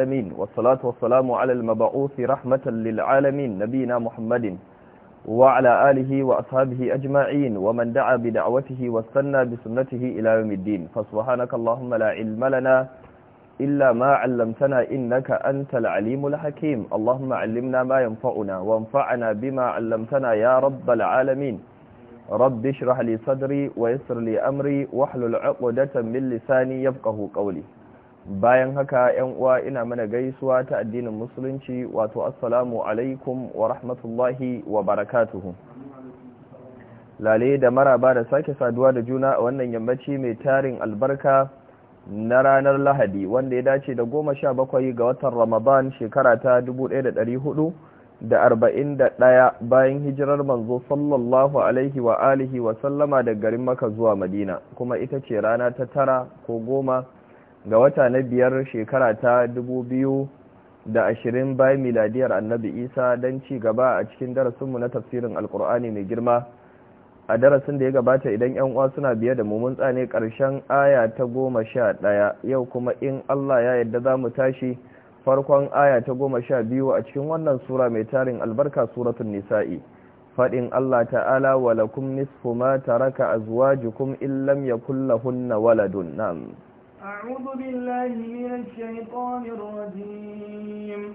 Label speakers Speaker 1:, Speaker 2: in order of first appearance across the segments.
Speaker 1: العالمين والصلاة والسلام على المبعوث رحمة للعالمين نبينا محمد وعلى آله وأصحابه أجمعين ومن دعا بدعوته واستنى بسنته إلى يوم الدين فسبحانك اللهم لا علم لنا إلا ما علمتنا إنك أنت العليم الحكيم اللهم علمنا ما ينفعنا وانفعنا بما علمتنا يا رب العالمين رب اشرح لي صدري ويسر لي أمري واحلل عقدة من لساني يفقه قولي bayan haka yan uwa ina mana gaisuwa ta addinin musulunci wato assalamu alaikum wa rahmatullahi wa barakatuhu lale da maraba da sake saduwa da juna a wannan yammaci mai tarin albarka na ranar lahadi wanda ya dace da goma sha bakwai ga watan ramadan shekara ta dubu da ɗari hudu da arba'in da ɗaya bayan hijirar manzo sallallahu alaihi wa alihi wa sallama da garin maka zuwa madina kuma ita ce rana ta tara ko goma ga wata na biyar shekara ta dubu biyu da ashirin bayan miladiyar annabi isa don ci gaba a cikin darasinmu na tafsirin alkur'ani mai girma a darasin da ya gabata idan yan uwa suna biye da mumun tsane karshen aya ta goma sha daya yau kuma in allah ya yadda za mu tashi farkon aya ta goma sha biyu a cikin wannan sura mai tarin albarka suratun nisa'i faɗin allah ta'ala walakum nisfu ma taraka azwajukum in lam yakul lahunna waladun na'am
Speaker 2: أعوذ بالله من الشيطان الرجيم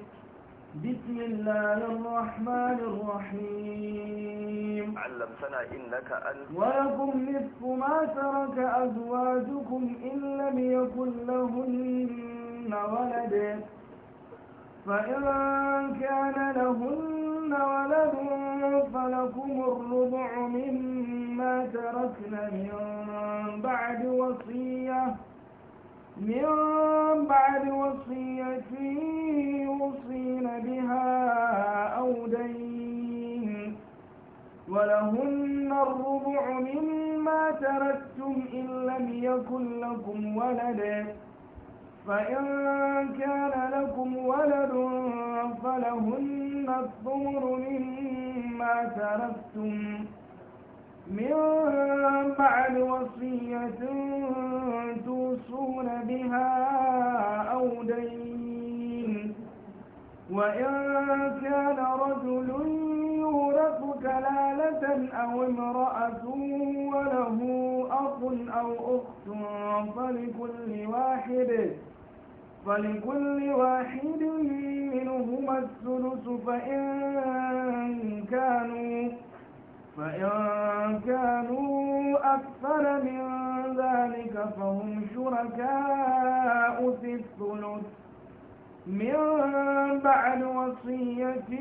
Speaker 2: بسم الله الرحمن الرحيم
Speaker 1: علمتنا إنك أنت ولكم
Speaker 2: نصف ما ترك أزواجكم إن لم يكن لهن ولد فإن كان لهن ولد فلكم الربع مما تركن من بعد وصيه من بعد وصية يوصين بها أو دين ولهن الربع مما تركتم إن لم يكن لكم ولد فإن كان لكم ولد فلهن الثمر مما تركتم من بعد وصية توصون بها أو دين وإن كان رجل يورث كلالة أو امرأة وله أخ أو أخت فلكل واحد فلكل واحد منهما الثلث فإن كانوا فإن كانوا أكثر من ذلك فهم شركاء في الثلث من بعد وصية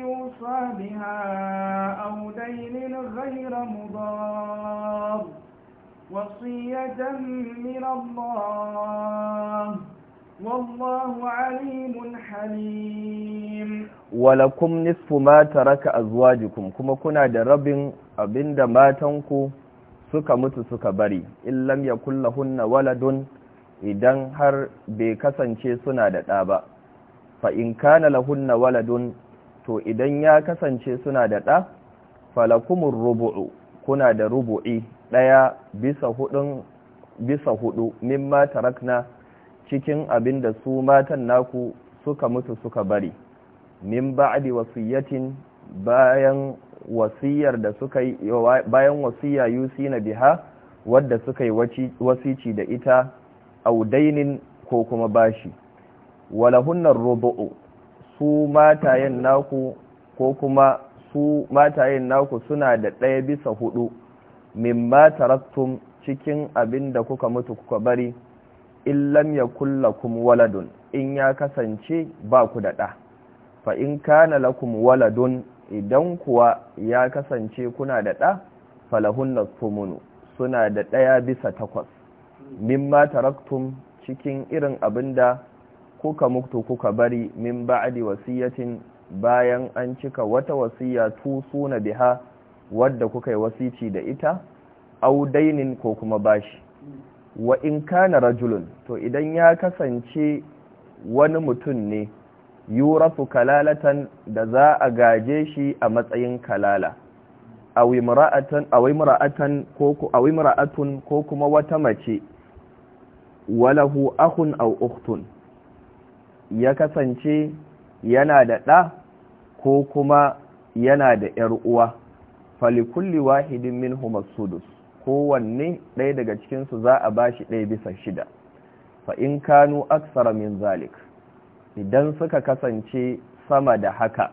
Speaker 2: يوصى بها أو دين غير مضار وصية من الله والله عليم حليم
Speaker 1: walakum nisfu ma taraka azwajukum kuma kuna da rabin abinda matanku suka mutu suka bari illam yakul lahunna waladun idan har bai kasance suna da ɗa ba fa in kana lahunna waladun to idan ya kasance suna da ɗa falakumur rubu'u kuna da rubu'i ɗaya bisa hudun bisa hudu mimma tarakna cikin abinda su matan naku suka mutu suka bari min ba'di wasiyatin bayan wasiyar da suka yi bayan wasiya yusina biha wadda suka yi wasici da ita audainin ko kuma bashi walahunnar rubu'u su matayen naku ko kuma su matayen naku suna da ɗaya bisa hudu mimma taraktum cikin abin da kuka mutu kuka bari illam ya kulle kum waladun in ya kasance ba ku da ɗa fa in kana lakum waladun idan kuwa ya kasance kuna da ɗa falahunna sumunu suna da ɗaya bisa takwas mimma taraktum cikin irin abin da kuka mutu kuka bari min ba'adi wasiyatin bayan an cika wata wasiya suna biha wadda kuka yi wasici da ita au dainin ko kuma bashi wa in kana rajulun to idan ya kasance wani mutum ne yurafu kalalatan da za a gaje shi a matsayin kalala awi mura'atan ko kuma wata mace walahu ahun auktun uktun ya kasance yana da ɗa ko kuma yana da ‘yar uwa falikulli wahidin min sudus kowanne ɗaya daga cikinsu za a ba shi ɗaya bisa shida fa in kanu aksara min zalik idan suka kasance sama da haka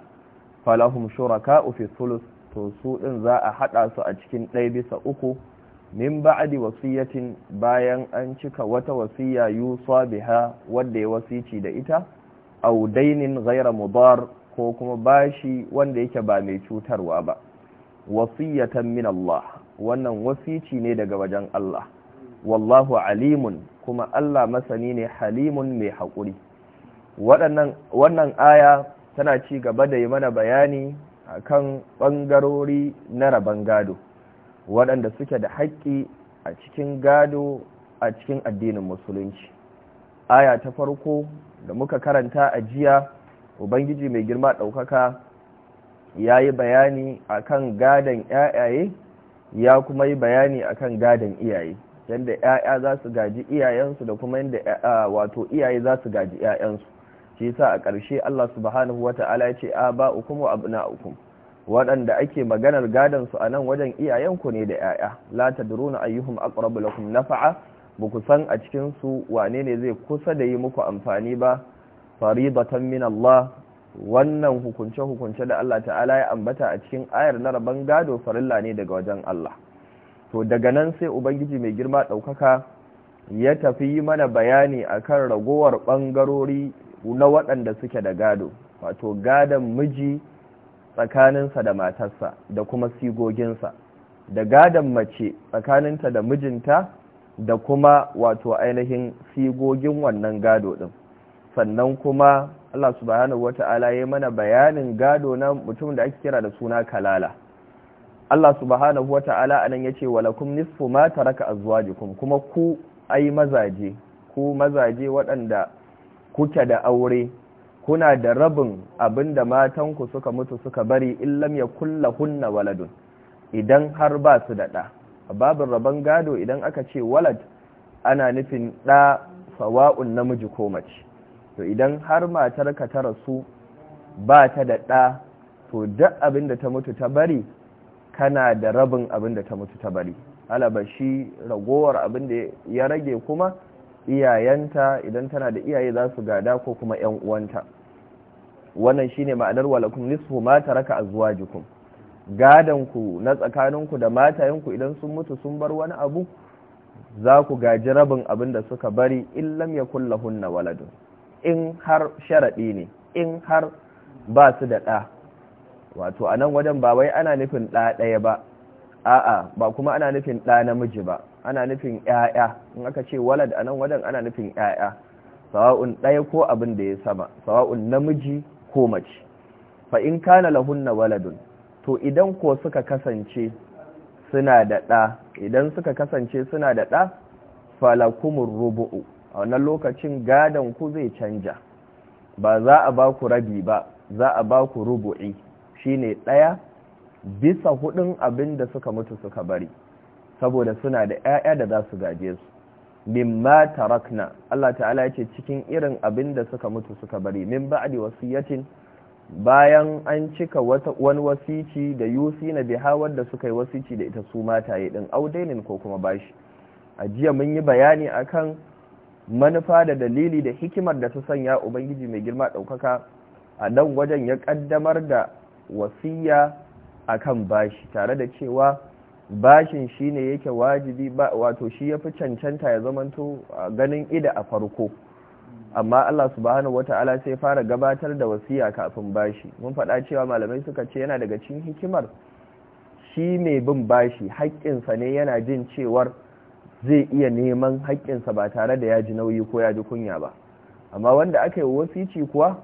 Speaker 1: falahum shuraka fi thuluth to su din za a hada su a cikin ɗaya bisa uku min ba'di wasiyatin bayan an cika wata wasiya yusa biha wanda ya wasici da ita aw dainin ghayra mudar ko kuma bashi wanda yake ba mai cutarwa ba wasiyatan min Allah wannan wasici ne daga wajen Allah wallahu alimun kuma Allah masani ne halimun mai haƙuri wannan aya tana ci gaba da yi mana bayani akan ɓangarori na rabon gado waɗanda suke da haƙƙi a cikin gado a cikin addinin musulunci aya ta farko da muka karanta a jiya ubangiji mai girma ɗaukaka ya yi bayani akan gadon yayaye ya kuma yi bayani akan gadon iyaye yadda yaya za su gaji iyayensu da kuma yadda wato iyaye za su gaji yayansu shi yasa a ƙarshe Allah subhanahu ta'ala ya ce a ba aba'ukum wa abna'ukum waɗanda ake maganar gadon su nan wajen iyayenku ne da yaya la tadruna ayyuhum aqrabu lakum nafa'a ku san a cikin su wane ne zai kusa da yi muku amfani ba faridatan min Allah wannan hukunce hukunce da Allah ta'ala ya ambata a cikin ayar na rabon gado farilla ne daga wajen Allah to daga nan sai ubangiji mai girma ɗaukaka ya tafi mana bayani akan ragowar ɓangarori na waɗanda suke da gado wato gadon miji tsakaninsa da matarsa da kuma sigoginsa da gadon mace tsakaninta da mijinta da kuma wato ainihin sigogin wannan gado ɗin sannan kuma Allah subhanahu wata'ala ya mana bayanin gado na mutum da ake kira da suna kalala Allah subhanahu wata'ala anan yace walakum nisfu ma taraka azwajukum kuma ku ai mazaje ku mazaje waɗanda kuke da aure kuna da rabin abinda matanku suka mutu suka bari illam ya kulla hunna waladun idan har ba su da ɗa babin rabon gado idan aka ce walad ana nufin ɗa sawa'un namiji ko mace to idan har matarka ta rasu ba ta da ɗa to duk abinda ta mutu ta bari kana da rabin abinda ta mutu ta bari alaba shi ragowar abinda ya rage kuma iyayenta idan tana da iyaye za su gada ko kuma ‘yan uwanta wannan shine ma'anar walakun nisfu ma taraka azwajukum ku na tsakaninku da matayenku idan sun mutu sun bar wani abu za ku gaji rabin abin da suka bari in lam yakul lahunna waladun in har sharaɗi ne in har ba su da ɗa wato a nan wajen ba wai ana nufin ɗa ɗaya ba a'a ba kuma ana nufin ɗa namiji ba ana nufin ƴaƴa in aka ce walad a nan wajen ana nufin ƴaƴa sawa'un ɗaya ko abin da ya sama sawa'un namiji ko mace fa in kana lahunna waladun to idan ko suka kasance suna da ɗa idan suka kasance suna da ɗa falakumur rubu'u a wannan lokacin gadon ku zai canja ba za a ba ku rabi ba za a ba ku rubu'i shine ɗaya bisa hudun abin da suka mutu suka bari saboda suna da 'ya'ya da za su gaje su mimma tarakna Allah ta'ala ya ce cikin irin abin da suka mutu suka bari min ba'di wasiyacin bayan an cika wani wasici da yusi na biha wanda suka yi wasici da ita su mataye din audainin ko kuma bashi a jiya mun yi bayani akan manufa da dalili da hikimar da ta sanya ubangiji mai girma daukaka a nan wajen ya kaddamar da wasiya akan bashi tare da cewa bashin shi ne yake wajibi wato shi ya fi cancanta ya zamanto ganin ida a farko amma Allah subhanahu wata'ala sai fara gabatar da wasiya kafin bashi mun faɗa cewa malamai suka ce yana daga cikin hikimar shi mai bin bashi haƙƙinsa ne yana jin cewar zai iya neman haƙƙinsa ba tare da ya ji nauyi ko ya ji kunya ba amma wanda aka yi wasici kuwa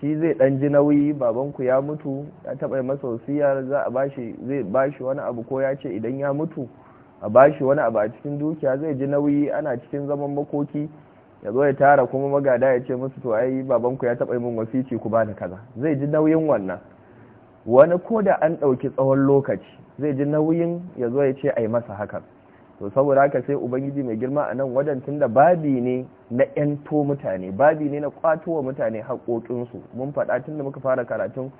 Speaker 1: shi zai dan ji nauyi babanku ya mutu ya taba masa wasiyar za a bashi zai bashi wani abu ko ya ce idan ya mutu a bashi wani abu a cikin dukiya zai ji nauyi ana cikin zaman makoki ya zo ya tara kuma magada ya ce musu to ai babanku ya taba min wasici ku bani kaza zai ji nauyin wannan wani ko da an ɗauki tsawon lokaci zai ji nauyin ya zo ya ce ai masa hakan to saboda haka sai ubangiji mai girma a nan wajen da babi ne na yanto mutane babi ne na kwatowa mutane haƙoƙinsu mun faɗa tun da muka fara karatun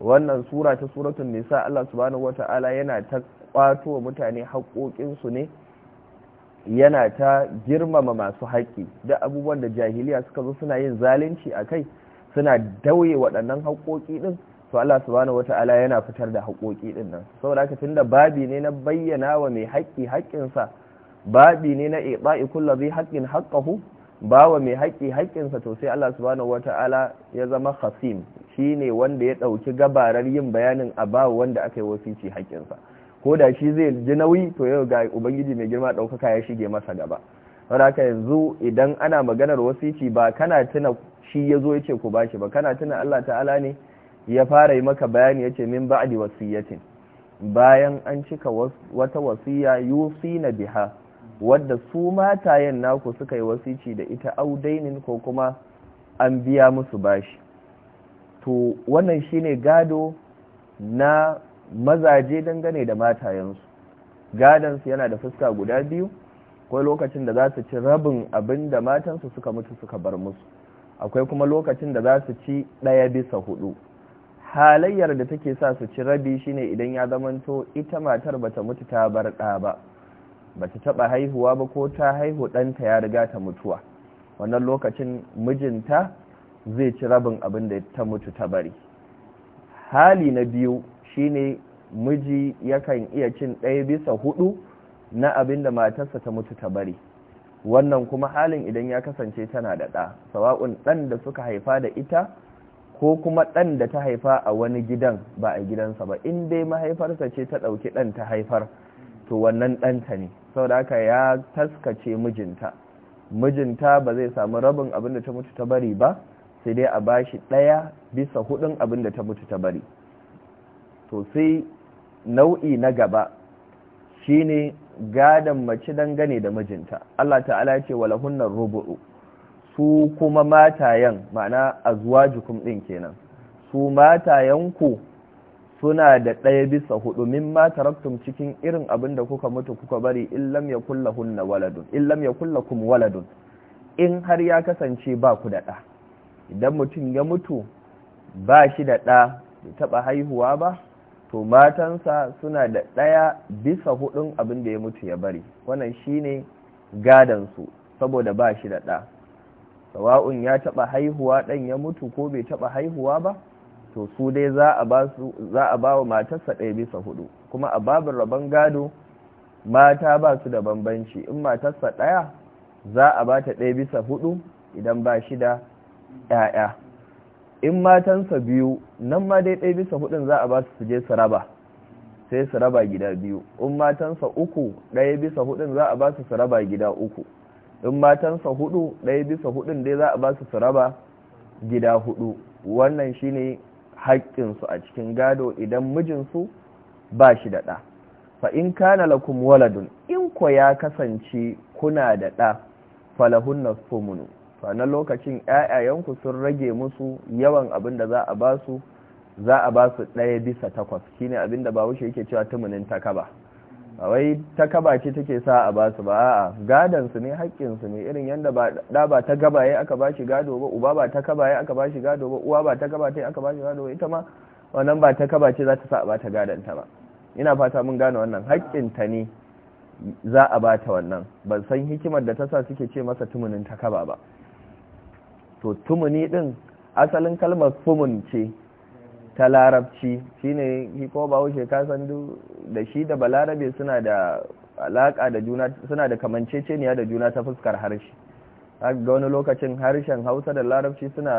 Speaker 1: wannan sura ta suratun nisa Allah subhanahu wata'ala yana ta kwatowa mutane haƙoƙinsu ne yana ta girmama masu haƙƙi da abubuwan da jahiliya suka zo suna yin zalunci a kai suna dauye waɗannan haƙoƙi ɗin to Allah subhanahu wata'ala yana fitar da haƙoƙi din nan saboda haka tunda babi ne na bayyana wa mai haƙƙi sa babi ne na iqa'i kullu zai haqqin haqqahu bawa mai haƙƙi sa to sai Allah subhanahu wata'ala ya zama khasim shine wanda ya dauki gabarar yin bayanin a ba wanda aka yi wasici sa ko da shi zai ji nauyi to yau ga ubangiji mai girma ɗaukaka ya shige masa gaba saboda haka yanzu idan ana maganar wasici ba kana tuna shi ya zo ya ce ku bashi ba kana tuna Allah ta'ala ne ya fara yi maka bayani yace min ba'di wasiyatin bayan an cika wata wasiya yusina biha wadda su matayen naku suka yi wasici da ita audainin ko kuma an biya musu bashi to wannan shine gado na mazaje dangane da matayensu gadansu yana da fuska guda biyu akwai lokacin da za su ci rabin abin da matansu suka mutu suka bar musu akwai kuma lokacin da za su ci ɗaya bisa hudu halayyar da take sa su ci rabi shine idan ya zamanto ita matar bata mutu ta bar da ba bata taɓa haihuwa ba ko ta haihu ɗanta ya riga ta mutuwa wannan lokacin mijinta zai ci rabin abin da ta mutu ta bari hali na biyu shine miji yakan iya cin ɗaya bisa hudu na abin da matarsa ta mutu ta bari wannan kuma halin idan ya kasance tana da ɗa sawa'un ɗan da suka haifa da ita ko kuma ɗan da ta haifa a wani gidan ba a gidansa ba in dai mahaifarsa ce ta ɗauki ɗan ta haifar to wannan ɗanta ne saboda haka ya taskace mijinta mijinta ba zai samu rabin abin da ta mutu ta bari ba sai dai a bashi ɗaya bisa hudun abin da ta mutu ta bari to sai nau'i na gaba shine gadon mace dangane da mijinta Allah ta'ala ce walahunnar rubu'u su kuma matayen ma'ana a zuwa azwajukum ɗin kenan su matayenku suna da ɗaya bisa hudu min mata raktum cikin irin abin da kuka mutu kuka bari illam ya kulla illam waladun in har ya kasance ba ku da idan mutum ya mutu ba shi da ɗa da taɓa haihuwa ba to matansa suna da ɗaya bisa hudun abin da ya mutu ya bari wannan shine gadansu saboda ba shi da ɗa sawa'un ya taba haihuwa dan ya mutu ko bai taba haihuwa ba to su dai za a ba su za a ba wa matarsa ɗaya bisa hudu kuma a babin rabon gado mata ba su da bambanci in matarsa ɗaya za a ba ta ɗaya bisa hudu idan ba shi da ‘ya'ya in matansa biyu nan ma dai ɗaya bisa hudun za a ba su je su raba sai su raba gida biyu in matansa uku ɗaya bisa hudun za a ba su su raba gida uku in matansa hudu ɗaya bisa hudun dai za a ba su raba gida hudu wannan shine haƙƙinsu a cikin gado idan mijinsu ba shi da ɗa fa in kana lakum waladun in ko ya kasance kuna da ɗa falahun na fa na lokacin ƴaƴayenku sun rage musu yawan abin da za a ba su za a ba su ɗaya bisa takwas shine abin da ba wuce yake cewa tumunin takaba ba wai ta kaba ce take sa a ba su ba a'a gadon su ne haƙƙin su ne irin yanda ba da ba ta gaba yayi aka bashi gado ba uba ba ta kaba yayi aka bashi gado ba uwa ba ta kaba ta aka bashi gado ba ita ma wannan ba ta kaba ce za ta sa a ba ta gadon ta ba ina fata mun gane wannan haƙƙin ta ne za a ba ta wannan ban san hikimar da ta sa suke ce masa tumunin ta kaba ba to tumuni din asalin kalmar fumun ce ta larabci shine shi ko san duk da shi da balarabe suna da alaka da juna suna da kamanceceniya da juna ta fuskar harshe ga wani lokacin harshen hausa da larabci suna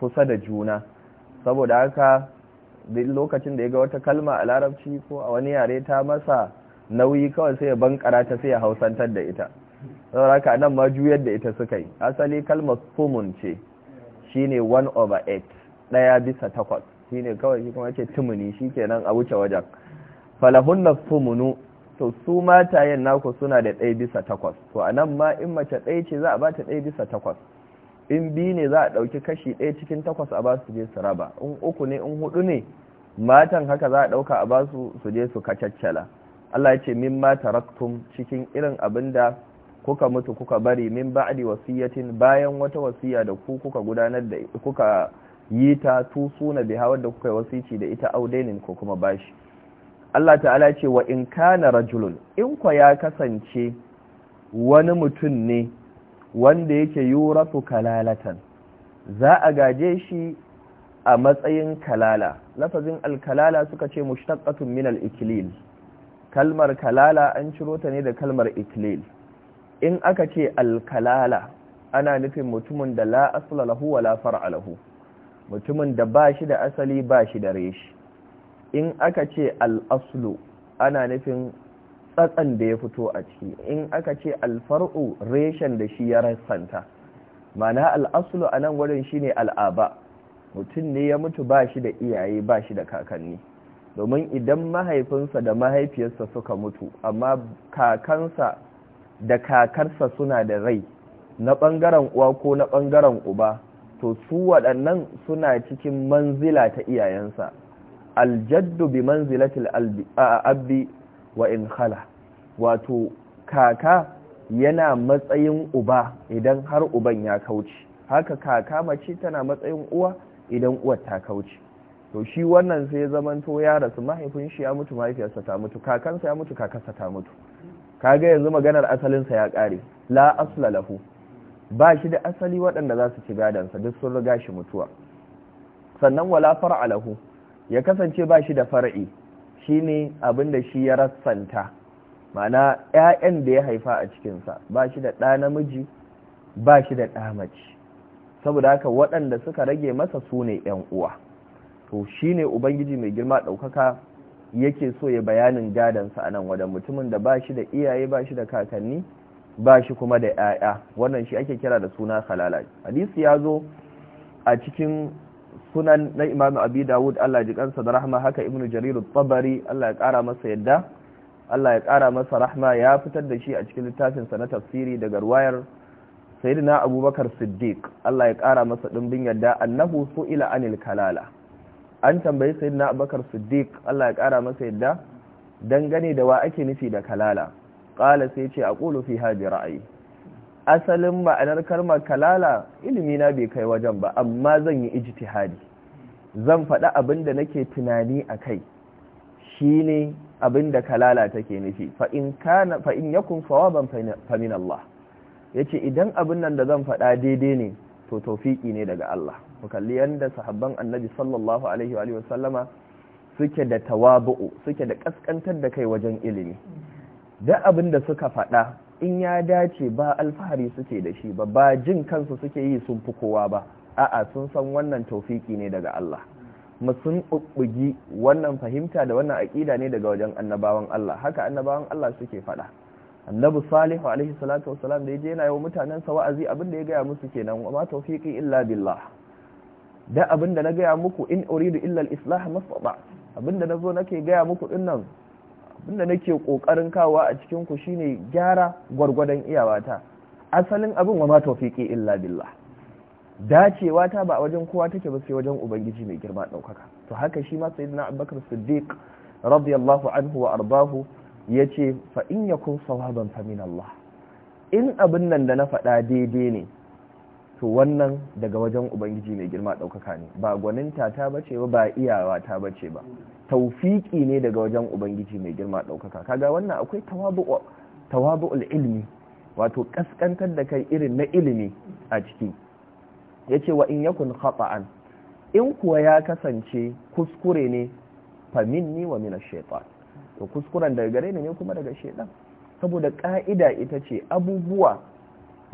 Speaker 1: kusa da juna saboda haka lokacin da ya ga wata kalma a larabci ko a wani yare ta masa nauyi kawai sai ya bankara ta sai ya hausantar da ita saboda haka nan ma juyar da ita suka yi asali kalmar fomun ce shine 1 over 8 daya bisa takwas shi ne kawai shi kuma ce tumuni shi kenan a wuce wajen falahun na tumunu to su matayen naku suna da ɗaya bisa takwas to a nan ma in mace ɗaya ce za a ba ta ɗaya bisa takwas in biyu ne za a ɗauki kashi ɗaya cikin takwas a ba su je su raba in uku ne in hudu ne matan haka za a ɗauka a ba su su je su kacaccala Allah ya ce min mata taraktum cikin irin abin da kuka mutu kuka bari min ba'di wasiyatin bayan wata wasiya da ku kuka gudanar da kuka yi ta na biha wadda kuka yi wasici da ita audainin ko kuma bashi Allah ta'ala ce wa in kana rajulun in kwa ya kasance wani mutum ne wanda yake yurasu kalalatan za a gaje shi a matsayin kalala lafazin alkalala suka ce mushtaqqatun min al-iklil kalmar kalala an ciro ta ne da kalmar iklil in aka ce alkalala ana nufin mutumin da la asla lahu wa la far'a lahu mutumin da ba shi da asali ba shi da reshi in aka ce al'aslu ana nufin tsatsan da ya fito a ciki in aka ce alfar'u reshen da shi ya rasanta. mana al'aslu a nan wurin shi ne al'aba mutum ne ya mutu ba shi da iyaye ba shi da kakanni domin idan mahaifinsa da mahaifiyarsa suka mutu amma kakansa da kakarsa suna da rai na ɓangaren uwa ko na ɓangaren uba to su waɗannan suna cikin manzila ta iyayensa aljaddu bi manzilatil abbi wa in khala wato kaka yana matsayin uba idan har uban ya kauce haka kaka mace tana matsayin uwa idan uwar ta kauce to shi wannan sai ya zamanto ya rasu mahaifin shi ya mutu mahaifiyarsa ta mutu kakansa ya mutu kakarsa ta mutu kaga yanzu maganar asalinsa ya kare la asla ba shi da asali waɗanda za su ci gadansa duk sun riga shi mutuwa sannan wala far'a lahu ya kasance ba shi da far'i shine abin da shi ya rassanta ma'ana ya'yan da ya haifa a cikinsa ba shi da ɗa namiji ba shi da ɗa saboda haka waɗanda suka rage masa su ne ƴan uwa to shi ne ubangiji mai girma ɗaukaka yake so ya bayanin gadansa a nan wadan mutumin da ba shi da iyaye ba shi da kakanni ba shi kuma da ‘ya'ya wannan shi ake kira da suna halala hadisi ya zo a cikin sunan na imamu abi dawud Allah ji kansa da rahama haka ibnu jariru tabari Allah ya kara masa yadda Allah ya kara masa rahma ya fitar da shi a cikin littafinsa na tafsiri daga ruwayar sayyidina abubakar siddiq Allah ya kara masa dimbin yadda annahu su'ila anil kalala an tambayi sayyidina abubakar siddiq Allah ya kara masa yadda dangane da wa ake nufi da kalala ƙala sai ce a ƙulu fi haɗi ra'ayi asalin ma'anar kalmar kalala ilimi na bai kai wajen ba amma zan yi ijtihadi zan faɗa abin da nake tunani a kai shi ne abin da kalala take nufi fa'in yakun sawaban famin Allah ya ce idan abin nan da zan faɗa daidai ne to taufiƙi ne daga Allah ku kalli yadda sahabban annabi sallallahu alaihi wa sallama suke da tawabu'u suke da ƙasƙantar da kai wajen ilimi da abin da suka faɗa in ya dace ba alfahari suke da shi ba ba jin kansu suke yi sun fi kowa ba a'a sun san wannan taufiki ne daga Allah musun sun ɓuɓɓugi wannan fahimta da wannan aƙida ne daga wajen annabawan Allah haka annabawan Allah suke faɗa annabi salihu alaihi salatu wasalam da yaje yana wa mutanen sa wa'azi abin da ya gaya musu kenan wa ma tawfiqi illa billah da abin da na gaya muku in uridu illa al-islah mastata abin da nazo nake gaya muku dinnan inda nake kokarin kawa a cikin ku shine gyara gwargwadon iyawata asalin abin wa ma tawfiqi illa billah dacewa ta ba wajen kowa take ba sai wajen ubangiji mai girma daukaka to haka shi ma sayyidina abubakar siddiq radiyallahu anhu wa arbahu yace fa in yakun sawaban fa min Allah in abin nan da na faɗa daidai ne to wannan daga wajen ubangiji mai girma ɗaukaka ne ba gwaninta ta bace ba ba iyawa ta bace ba taufiki ne daga wajen ubangiji mai girma ɗaukaka kaga wannan akwai tawabu'ul ilmi wato kaskantar da kai irin na ilimi a ciki yace wa in yakun khata'an in kuwa ya kasance kuskure ne ni wa min ash to kuskuren daga gare ne kuma daga shaytan saboda ka'ida ita ce abubuwa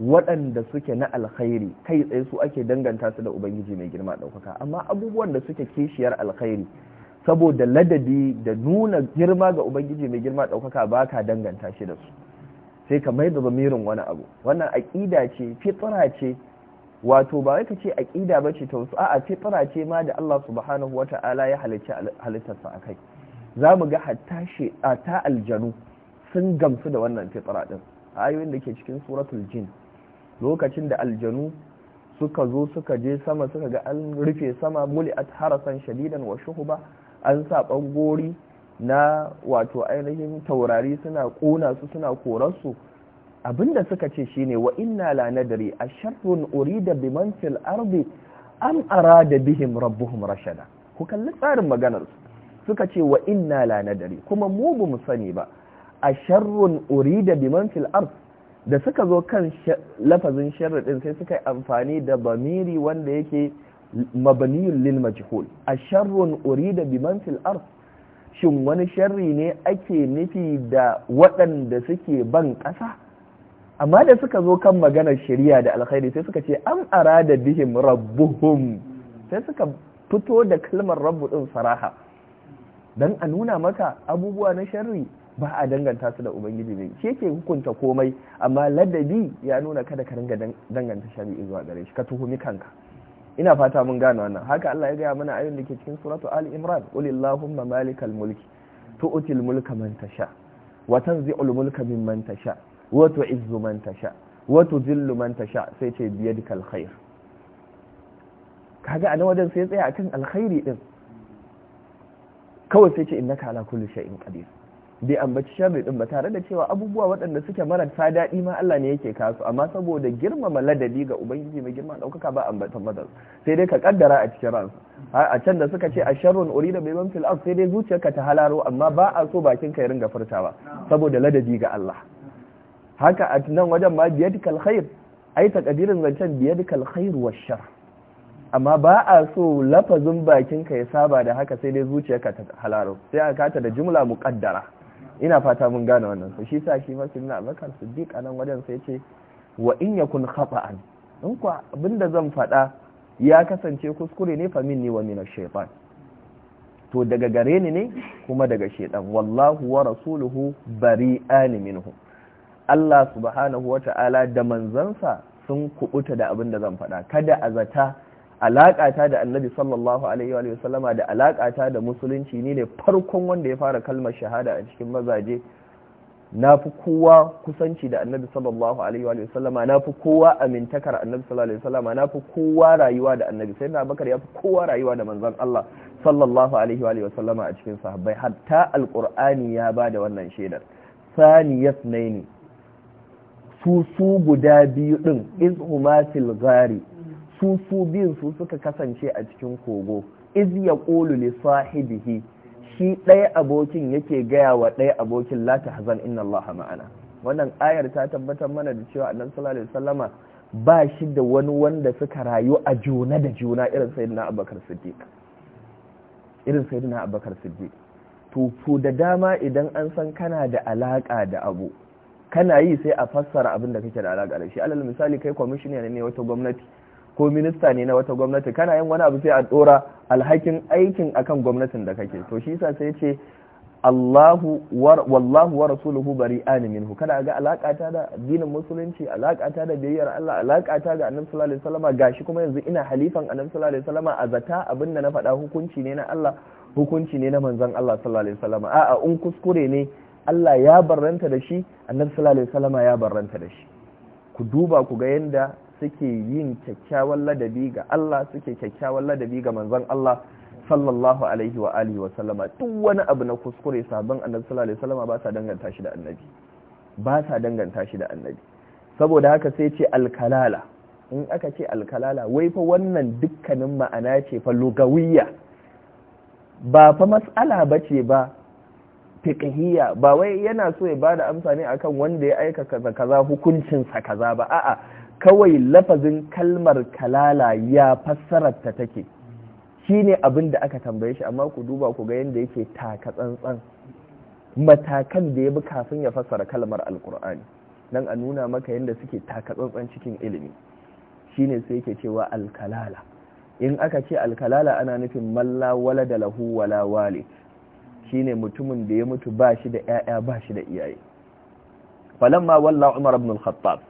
Speaker 1: waɗanda suke na alkhairi kai tsaye su ake danganta su da ubangiji mai girma ɗaukaka amma abubuwan da suke kishiyar alkhairi saboda ladabi da nuna girma ga ubangiji mai girma ɗaukaka ba ka danganta shi da su sai ka mai da zamirin wani abu wannan aƙida ce fitra ce wato ba wai ka ce aƙida ba ce ta wasu a'a fitra ce ma da Allah subhanahu wa ya halicci halittarsa a kai za mu ga hatta shi ta aljanu sun gamsu da wannan fitra din ayoyin da ke cikin suratul jin lokacin da aljanu suka zo suka je sama suka ga an rufe sama a harasan shadidan wa shuhuba an sa bangori na wato ainihin taurari suna kona su suna korarsu abinda suka ce shine wa inna la nadri asharrun urida biman fil ardi am arada bihim rabbuhum rashada ku kalli tsarin maganar su suka ce wa inna la nadri kuma mu bamu sani ba asharrun urida biman fil ardi da suka zo kan lafazin din sai suka yi amfani da bamiri wanda yake mabaniyun lil majhul asharrun urida biman fil ard shin wani sharri ne ake nufi da waɗanda suke ban ƙasa amma da suka zo kan maganar shari'a da alkhairi sai suka ce an arada bihim rabbuhum sai suka fito da kalmar rabbu din saraha dan a nuna maka abubuwa na sharri ba a danganta su da ubangiji ne shi yake hukunta komai amma ladabi ya nuna kada ka ringa danganta shari'i zuwa gare shi ka tuhumi kanka ina fata mun gano wannan haka Allah ya gaya mana ayoyin da ke cikin suratu Ali Imran qul illahumma malikal mulki tu'til mulka man tasha wa tanzi'ul mulka mimman tasha wa tu'izzu man tasha wa tudhillu man tasha sai ce biyadikal khair kaga anan wajen sai tsaya akan alkhairi din kawai sai ce innaka ala kulli shay'in qadir bai ambaci sharri din ba tare da cewa abubuwa waɗanda suke marasa daɗi ma Allah ne yake kasu amma saboda girmama ladabi ga ubangiji mai girma ɗaukaka ba ambatan mazal sai dai ka kaddara a cikin ransu a can da suka ce a sharrun da bai fil sai dai zuciyarka ta halaro amma ba a so bakin ka ya ringa furtawa saboda ladabi ga Allah haka a nan wajen ma kal khair ai takadirin zancen kal khair wa shar amma ba a so lafazin bakinka ya saba da haka sai dai zuciyarka ta halaro sai a kata da jumla muqaddara ina fata mun gane wannan su shi sa shi masu na abakar siddiq anan wajen sai ce wa in haɓa an in abin abinda zan faɗa ya kasance kuskure ne fa ni wa minash shaytan to daga gare ni ne kuma daga shaytan wallahu wa rasuluhu bari ani minhu Allah subhanahu wa ta'ala da manzansa sun kubuta da abinda zan faɗa kada a zata alaƙata da annabi sallallahu alaihi wa sallama da alaƙata da musulunci ni ne farkon wanda ya fara kalmar shahada a cikin mazaje na fi kowa kusanci da annabi sallallahu alaihi wa sallama na fi kowa amintakar annabi sallallahu alaihi wa sallama na fi kowa rayuwa da annabi sai na bakar ya fi kowa rayuwa da manzon Allah sallallahu alaihi wa sallama a cikin sahabbai hatta alqur'ani ya ba da wannan shaidar sani yasnaini su su guda biyu din izhuma fil ghari su su biyun su suka kasance a cikin kogo iz ya ƙolu li sahibihi shi ɗaya abokin yake gaya wa ɗaya abokin la hazan inna Allah ma'ana wannan ayar ta tabbatar mana da cewa annabi sallallahu alaihi wasallama ba shi da wani wanda suka rayu a juna da juna irin sayyidina Abubakar Siddiq irin sayyidina Abubakar Siddiq to to da dama idan an san kana da alaka da abu kana yi sai a fassara abin da kake da alaka da shi alal misali kai commissioner ne wata gwamnati ko minista ne na wata gwamnati kana yin wani abu sai a dora alhakin aikin akan gwamnatin da kake to shi yasa sai ce Allahu wallahu wa rasuluhu bari'an minhu kana ga ta da addinin musulunci ta da biyayyar Allah ta ga Annabi sallallahu alaihi wasallam gashi kuma yanzu ina halifan Annabi sallallahu alaihi wasallam a zata abinda na faɗa hukunci ne na Allah hukunci ne na manzon Allah sallallahu alaihi wasallam a'a in kuskure ne Allah ya barranta da shi Annabi sallallahu alaihi wasallam ya barranta da shi ku duba ku ga yanda suke yin kyakkyawan ladabi ga Allah suke kyakkyawan ladabi ga manzon Allah sallallahu alaihi wa alihi wa sallama duk wani abu na kuskure sabon annabi sallallahu alaihi wa ba sa danganta shi da annabi ba sa danganta shi da annabi saboda haka sai ce alkalala in aka ce alkalala wai fa wannan dukkanin ma'ana ce fa lugawiyya ba fa mas'ala bace ba fiqhiyya ba wai yana so ya bada amsa ne akan wanda ya aika kaza kaza hukuncin sa kaza ba a'a kawai lafazin kalmar kalala ya fassararta take shi ne abin da aka tambaye shi amma ku duba ku ga yadda yake taka tsantsan matakan da ya bi kafin ya fassara kalmar alkur'ani nan a nuna maka yadda suke taka tsantsan cikin ilimi shi ne sai yake cewa alkalala in aka ce alkalala ana nufin malla wala da lahu wala wale shi ne mutumin da ya mutu ba shi da 'ya'ya ba shi da iyaye falamma walla umar ibn al-khattab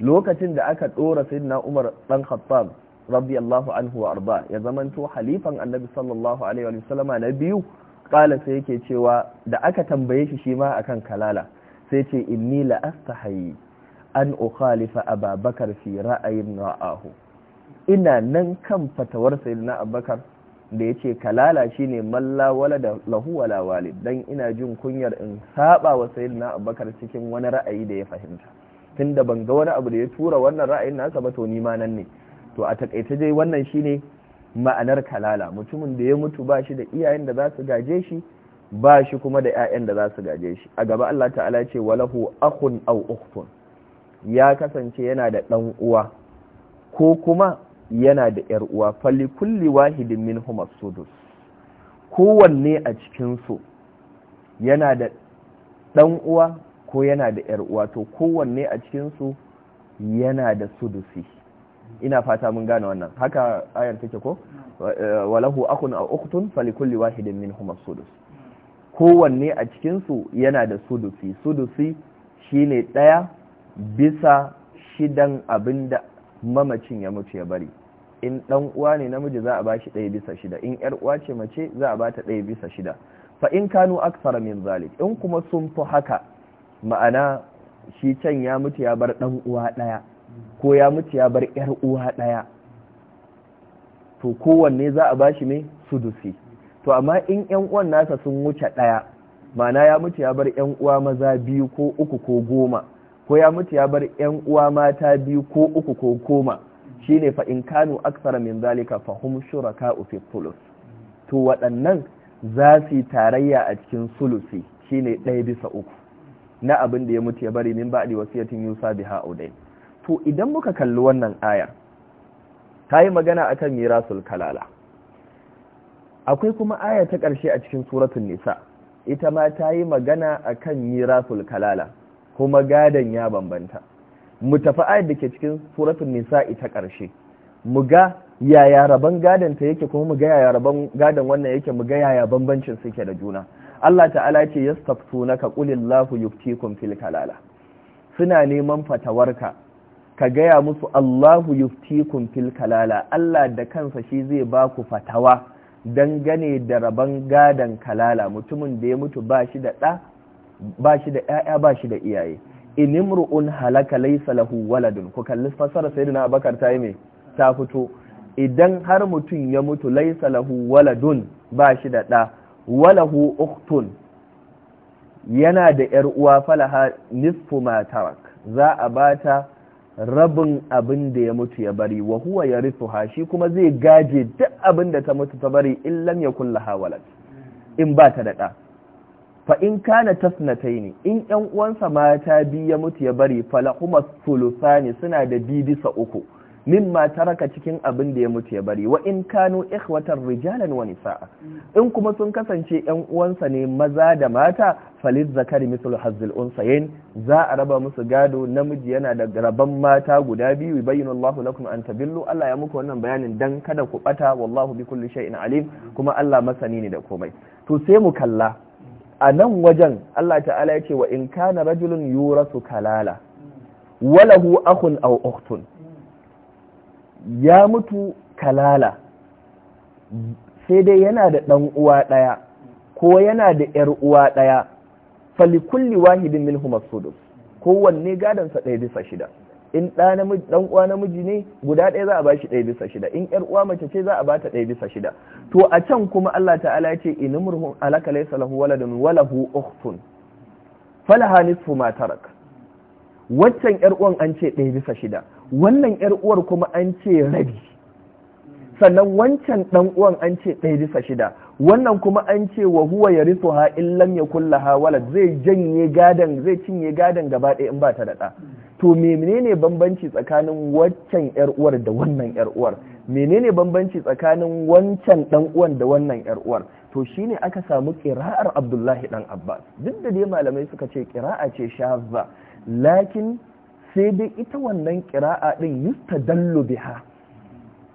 Speaker 1: lokacin da aka ɗora sayyidina Umar dan Khattab radiyallahu anhu wa arda ya zamanto halifan annabi sallallahu alaihi wa na biyu kala sai yake cewa da aka tambaye shi shima akan kalala sai ce inni la astahi an ukhalifa ababakar fi ra'ayin ra'ahu ina nan kan fatawar sayyidina abubakar da yace kalala shine malla wala da lahu wala walid dan ina jin kunyar in saba wa sayyidina abubakar cikin wani ra'ayi da ya fahimta tunda ban ga wani abu da ya tura wannan ra'ayin nasa ba to ni ma nan ne to a takaita dai wannan shine ma'anar kalala mutumin da ya mutu ba shi da iyayen da za su gaje shi ba shi kuma da 'ya'yan da za su gaje shi a gaba Allah ta'ala ce walahu akhun aw ukhtun ya kasance yana da ɗan uwa ko kuma yana da ‘yar uwa fali kulli wahidin min sudus kowanne a cikin su yana da ɗan uwa ko yana da yar wato kowanne a cikin yana da sudusi ina fata mun gane wannan haka ayar take ko walahu akun aw ukhtun falikulli wahidin minhum as-sudus kowanne a cikinsu yana da sudusi sudusi shine daya bisa shidan abinda mamacin ya mutu ya bari in dan uwa ne namiji za a bashi daya bisa shida in yar uwa ce mace za a bata daya bisa shida fa in kanu aksara min zalik in kuma sun fi haka ma'ana shi can ya mutu ya bar ɗan uwa ɗaya ko ya mutu ya bar ƴar uwa ɗaya to kowanne za a bashi ne dusi to amma in ‘yan uwan nasa sun wuce ɗaya ma'ana ya mutu ya bar ‘yan uwa maza biyu ko uku ko goma ko ya mutu ya bar ‘yan uwa mata biyu ko uku ko goma shine fa in kanu aksara min zalika fa hum shuraka fi to waɗannan za su tarayya a cikin sulusi shine ɗaya bisa uku na abin da ya mutu ya bari min ba'di wasiyatin yusa biha udai to idan muka kalli wannan aya ta yi magana akan mirasul kalala akwai kuma aya ta ƙarshe a cikin suratul nisa ita ma ta yi magana akan mirasul kalala kuma gadon ya bambanta mu tafi ayar da ke cikin suratul nisa ita ƙarshe muga yaya rabon gadon ta yake kuma mu ga yaya rabon gadon wannan yake mu ga yaya bambancin suke da juna Allah ta'ala ce yastaftunaka qulillahu yuftikum fil kalala suna neman fatawarka ka gaya musu Allahu yuftikum fil kalala Allah da kansa shi zai ba ku fatawa gane da rabon gadon kalala mutumin da ya mutu ba shi da ɗa ba shi da ‘ya'ya ba shi da iyaye inimru'un halaka laisa lahu waladun ku kalli fasara sai na abakar ta yi mai ta fito idan har mutum ya mutu laisa lahu waladun ba shi da ɗa walahu uktun yana da ‘yar uwa falaha nisfu ma tarak za a bata rabin abin da ya mutu ya bari wa huwa ya risu shi kuma zai gaje duk abin da ta mutu ta bari in lam ya kulla hawalat in ba ta daɗa fa in kana tasnatai ne in ‘yan uwansa mata biyu ya mutu ya bari falahuma sulusani suna da bidisa uku mimma taraka cikin abin da ya mutu ya bari wa in kanu ikhwatar rijalan wa nisaa in kuma sun kasance yan uwansa ne maza da mata falil zakari mithlu hazzil unsayin za a raba musu gado namiji yana da raban mata guda biyu bayyana Allahu lakum an tabillu Allah ya muku wannan bayanin dan kada ku bata wallahu bi kulli shay'in alim kuma Allah masani ne da komai to sai mu kalla a nan wajen Allah ta'ala ya ce wa in kana rajulun yurasu kalala walahu akhun aw ukhtun ya mutu kalala sai dai yana da ɗan uwa ɗaya ko yana da ‘yar uwa ɗaya falikulli wahidin min humasudus kowanne gadonsa ɗaya bisa shida in ɗan uwa namiji ne guda ɗaya za a bashi ɗaya bisa shida in ‘yar uwa mace ce za a bata ɗaya bisa shida to a can kuma Allah ta'ala ce in murhun alaka laisa lahu waladun walahu ukhtun falaha nisfu ma tarak waccan ‘yar uwan an ce ɗaya bisa shida wannan yar uwar kuma an ce rabi sannan wancan dan uwan an ce ɗaya bisa shida wannan kuma an ce wa huwa ya rifu ha in ya kulla ha zai janye gadon zai cinye gadon gaba ɗaya in ba ta da ɗa to menene bambanci tsakanin waccan yar uwar da wannan yar uwar menene bambanci tsakanin wancan dan uwan da wannan yar uwar to shine aka samu qira'ar Abdullahi Ɗan Abbas duk da dai malamai suka ce kiraa ce shazza lakin sai dai ita wannan ƙira'a ɗin Dallu biha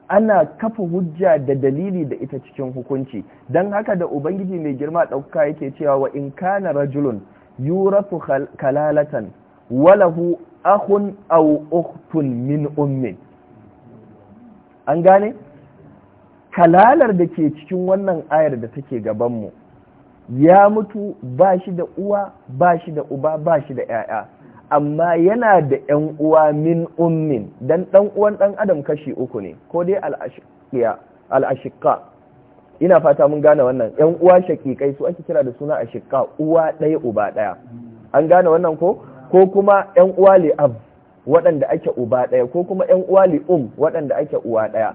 Speaker 1: ana kafa hujja da dalili da ita cikin hukunci don haka da ubangiji mai girma ɗauka yake cewa wa in kana rajulun yuratu kalalatan walahu ahun au ukhtun min ummin an gane kalalar da ke cikin wannan ayar da take gabanmu ya mutu ba shi da uwa ba shi da uba ba shi da 'ya'ya amma yana da ‘yan uwa min ummin don ɗan uwan ɗan adam kashi uku ne ko dai al'ashikka ina fata mun gane wannan ‘yan uwa shakikai su ake kira da suna ashikka uwa ɗaya uba ɗaya an gane wannan ko ko kuma ‘yan uwa li'ab waɗanda ake uba ɗaya ko kuma ‘yan uwa li'um waɗanda ake uwa ɗaya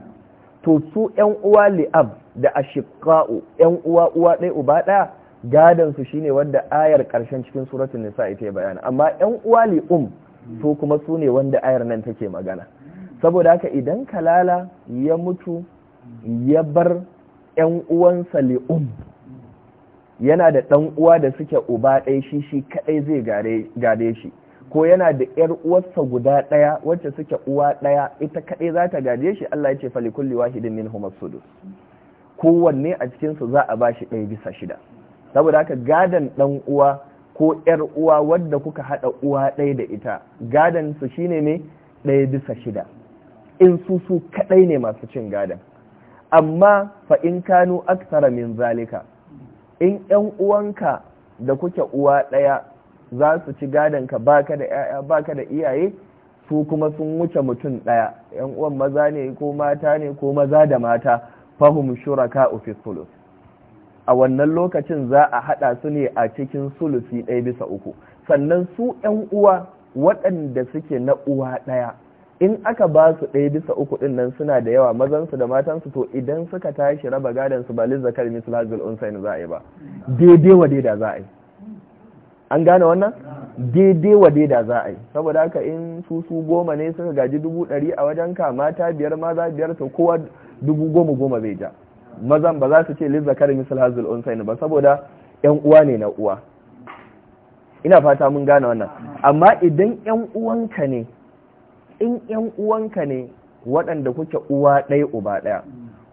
Speaker 1: to su ‘yan uwa li'ab da ashikka'u ‘yan uwa uwa ɗaya uba ɗaya gadon su shine wanda ayar karshen cikin suratun nisa ita bayana amma yan uwa um su kuma su ne wanda ayar nan take magana saboda haka idan kalala ya mutu ya bar yan uwansa um yana da ɗan uwa da suke uba ɗaya shi shi kaɗai zai gade shi ko yana da yar uwarsa guda ɗaya wacce suke uwa ɗaya ita kaɗai za ta gade shi Allah ya ce falikulli wahidin min humas sudus kowanne a cikinsu za a ba shi ɗaya bisa shida saboda haka gadon ɗan uwa ko yar uwa wadda kuka haɗa uwa ɗaya da ita gadon su shine ne ɗaya bisa shida in su su kaɗai ne masu cin gadon. amma fa in kanu aksara min zalika in yan uwanka da kuke uwa ɗaya za su ci gadon ka baka da yaya baka da iyaye su kuma sun wuce mutum ɗaya yan uwan maza ne ko mata ne ko maza da mata fahum shuraka ofis a wannan lokacin za a haɗa su ne a cikin sulusi ɗaya bisa uku sannan su ‘yan uwa waɗanda suke na uwa ɗaya in aka ba su ɗaya bisa uku ɗin nan suna da yawa mazansu da matansu to idan suka tashi raba gadon su ba lizzakar misal hazil unsain za a yi ba daidai wa daida za a yi an gane wannan daidai wa daida za a yi saboda haka in su su goma ne suka gaji dubu ɗari a wajen ka mata biyar maza biyar to kowa dubu goma goma zai ja mazan ba za su ce lizzakar misal hazul unsain ba saboda yan uwa ne na uwa ina fata mun gane wannan amma idan yan uwanka ne in yan uwanka ne waɗanda kuke uwa ɗaya uba ɗaya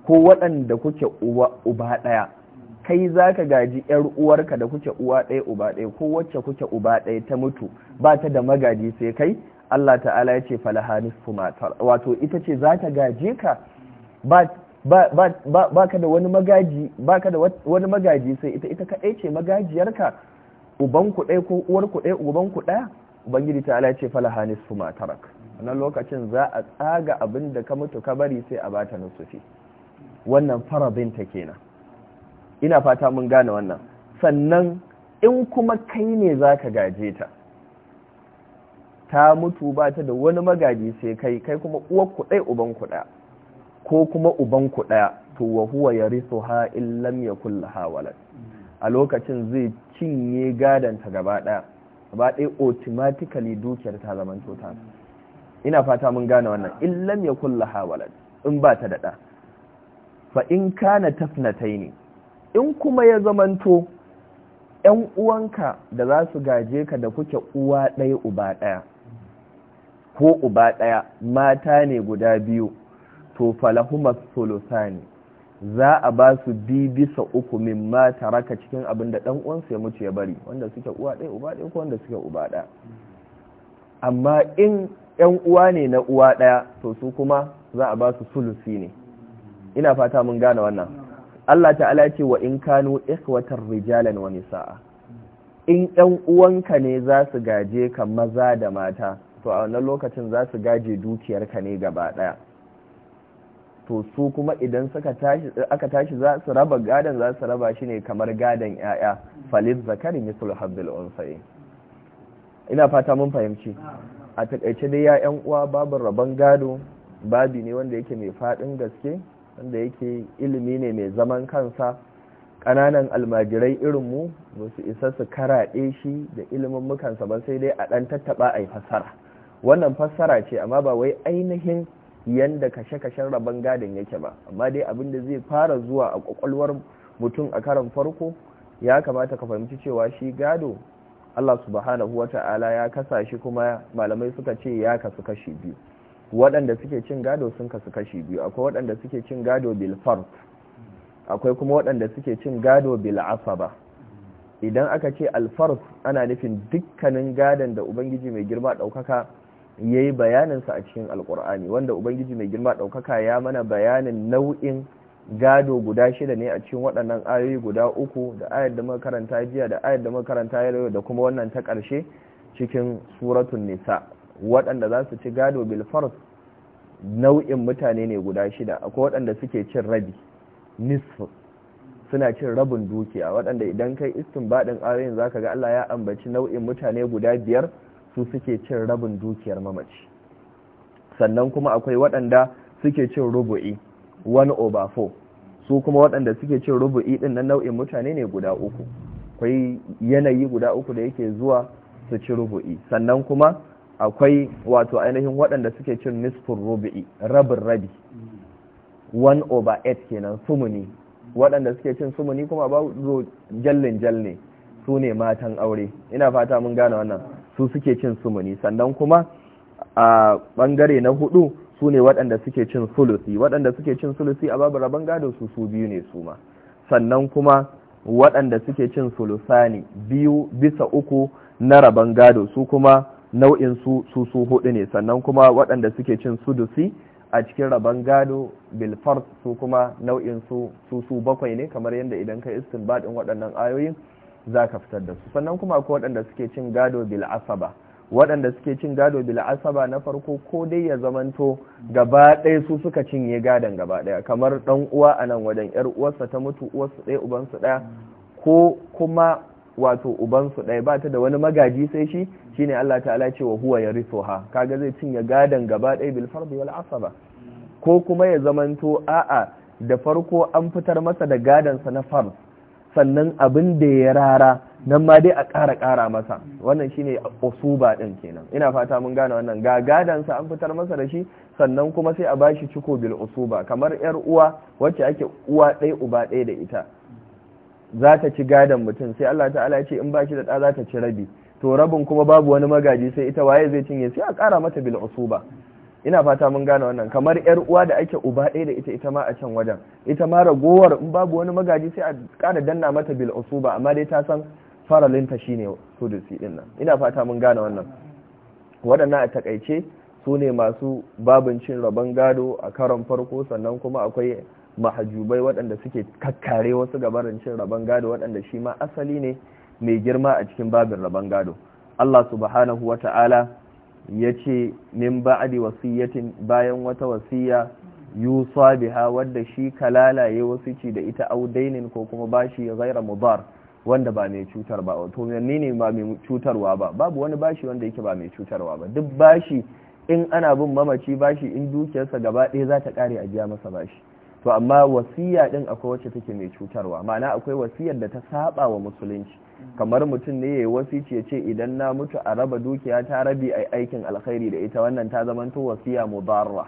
Speaker 1: ko waɗanda kuke uwa uba ɗaya kai za ka gaji yar uwarka da kuke uwa ɗaya uba ɗaya ko wacce kuke uba ɗaya ta mutu ba ta da magaji sai kai Allah ta'ala ya ce falahanis fumatar wato ita ce za ta gaje ka ba ba ka da wani magaji ba ka da wani magaji sai ita ita kaɗai ce magajiyarka uban ku ko uwar ku uban ku ɗaya ubangiji ta ala ce fala hanis kuma tarak wannan lokacin za a tsaga abin da ka mutu ka bari sai a bata nusufi wannan farabin ta kenan ina fata mun gane wannan sannan in kuma kai ne za ka gaje ta ta mutu ba ta da wani magaji sai kai kai kuma uwar ku uban ku ko kuma ubanku ɗaya to wa huwa ya riso ha illam ya kulla a lokacin zai cinye gadanta gaba ɗaya gaba ɗaya automatically dukiyar ta zaman tota ina fata mun gane wannan illam ya kulla hawalar in ba ta daɗa fa in kana tafnatai ne in kuma ya zamanto ‘yan uwanka da za su gaje ka da kuke uwa ɗaya uba ɗaya ko uba ɗaya mata ne guda biyu to falahuma ne za a ba su bi bisa uku mimma taraka cikin abin da dan uwansa ya mutu ya bari wanda suke uwa ɗaya uba ɗaya ko wanda suke uba ɗaya amma in yan uwa ne na uwa ɗaya to su kuma za a ba su sulusi ne ina fata mun gane wannan Allah ta'ala ce wa in kanu ikhwatar rijalan wa nisaa in yan uwanka ne za su gaje ka maza da mata to a wannan lokacin za su gaje dukiyarka ne gaba ɗaya to su kuma idan aka tashi za su raba gadon za su raba shi ne kamar gadon 'ya'ya falid zakari misul habdul unsayi ina fata mun fahimci a takaice dai 'yayan uwa babu rabon gado babi ne wanda yake mai fadin gaske wanda yake ilimi ne mai zaman kansa kananan almajirai irin mu ba su isa su karaɗe shi da ilimin mukansa ba sai dai a ɗan tattaɓa a yi fassara wannan fassara ce amma ba wai ainihin yanda kashe-kashen rabon gadon yake ba amma dai abin da zai fara zuwa a kwakwalwar mutum a karan farko ya kamata ka fahimci cewa shi gado Allah subhanahu wa ta'ala ya kasa shi kuma malamai suka ce ya kasu kashi biyu waɗanda suke cin gado sun kasu kashi biyu akwai waɗanda suke cin gado bil farq akwai kuma waɗanda suke cin gado bil asaba idan aka ce al ana nufin dukkanin gadon da ubangiji mai girma ɗaukaka yayi bayaninsa a cikin alkur'ani wanda ubangiji mai girma daukaka ya mana bayanin nau'in gado guda shida ne a cikin waɗannan ayoyi guda uku da ayar da makaranta jiya da ayar da makaranta yau da kuma wannan ta ƙarshe cikin suratun nisa waɗanda za su ci gado bilfars nau'in mutane ne guda shida akwai waɗanda suke cin rabi nisf suna cin rabin dukiya waɗanda idan kai istin baɗin ayoyin zaka ga allah ya ambaci nau'in mutane guda biyar su suke cin rabin dukiyar mamaci sannan kuma akwai waɗanda suke cin rubu'i 1 over 4 su kuma waɗanda suke cin rubu'i ɗin na nau'in mutane ne guda uku akwai yanayi guda uku da yake zuwa su ci rubu'i sannan kuma akwai wato ainihin waɗanda suke cin nisfin rubu'i rabin rabi 1 over 8 kenan sumuni waɗanda suke cin sumuni kuma ba zo jallin jalle su ne matan aure ina fata mun gane wannan su suke cin sumuni sannan kuma a bangare na hudu su ne waɗanda suke cin sulusi waɗanda suke cin sulusi a babu rabon gado su su biyu ne su ma sannan kuma waɗanda suke cin sulusani biyu bisa uku na rabon gado su kuma nau'in su su hudu ne sannan kuma waɗanda suke cin sulusi a cikin rabon gado bilfar su kuma nau'in su su bakwai ne kamar yadda idan ka baɗin waɗannan ayoyin za ka fitar da su sannan kuma ko waɗanda suke cin gado bil asaba waɗanda suke cin gado bil asaba na farko ko dai ya zamanto gaba ɗaya su suka cinye gadon gaba ɗaya kamar ɗan uwa a nan wajen yar uwarsa ta mutu uwarsu ɗaya ubansu ɗaya ko kuma wato ubansu ɗaya ba ta da wani magaji sai shi shine Allah ta'ala ce wa huwa ha kaga zai cinye gadon gaba ɗaya bil fardi wal asaba ko kuma ya zamanto a'a da farko an fitar masa da gadon sa na fard sannan abin da ya rara nan ma dai a ƙara ƙara masa wannan shine usuba din kenan ina fata mun gane wannan ga gadansa an fitar masa da shi sannan kuma sai a bashi ciko bil usuba kamar yar uwa wacce ake uwa ɗaya uba ɗaya da ita za ta ci gadan mutum sai Allah ta'ala ya ce in bashi da ɗa za ta ci rabi to rabin kuma babu wani magaji sai ita waye zai cinye sai a ƙara mata bil usuba ina fata mun gane wannan kamar yar uwa da ake uba ɗaya da ita ita ma a can wajen ita ma ragowar in babu wani magaji sai a ƙara danna mata bil usuba amma dai ta san faralinta shine sudusi din nan ina fata mun gane wannan waɗannan a takaice su ne masu babin cin rabon gado a karon farko sannan kuma akwai mahajubai waɗanda suke kakkare wasu gabarin cin rabon gado waɗanda shi ma asali ne mai girma a cikin babin rabon gado Allah subhanahu wa ta'ala ya ce min ba'adi wasiyyatin bayan wata wasiya yusa biha wadda shi ka lalaye wasu ci da ita audainin ko kuma bashi ya mu bar wanda ba mai cutar ba to menene ne ba mai cutarwa ba babu wani bashi wanda yake ba mai cutarwa ba duk bashi in ana bin mamaci bashi in dukiyarsa gaba ɗaya za ta ƙare a biya masa bashi to amma wasiya din akwai wacce take mai cutarwa ma'ana akwai wasiyar da ta saba wa musulunci kamar mutum ne yayi wasici ya ce idan na mutu a raba dukiya ta rabi ai aikin alkhairi da ita wannan ta zama zamanto wasiya mudarra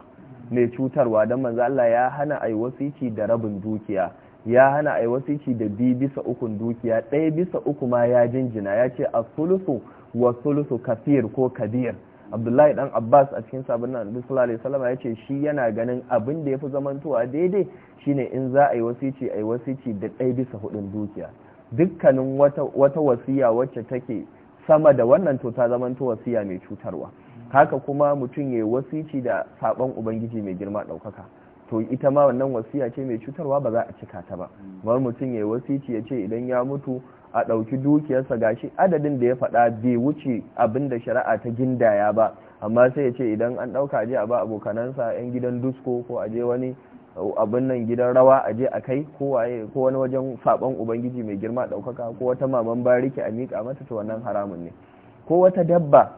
Speaker 1: mai cutarwa dan manzo Allah ya hana ai wasici da rabin dukiya ya hana ai wasici da bi bisa ukun dukiya ɗaya bisa uku ma ya jinjina ya ce as-sulusu wa sulusu kafir ko kabir abdullahi dan abbas a cikin sabon nan annabi sallallahu alaihi ya ce shi yana ganin abin da yafi zamantowa daidai shine in za a yi wasici a yi wasici da ɗaya bisa hudun dukiya dukkanin wata wata wasiya wacce take sama da wannan to ta zamanto wasiya mai cutarwa haka kuma mutum ya yi wasici da sabon ubangiji mai girma ɗaukaka to ita ma wannan wasiya ce mai cutarwa ba za a cika ta ba kuma mutum ya yi wasici ya ce idan ya mutu a ɗauki dukiyarsa gashi adadin da ya faɗa bai wuce abin da shari'a ta gindaya ba amma sai ya ce idan an ɗauka je a ba abokanansa 'yan gidan dusko ko aje wani abin nan gidan rawa a je a kai ko wani wajen saɓon ubangiji mai girma ɗaukaka ko wata maman bariki a miƙa mata to wannan haramun ne ko wata dabba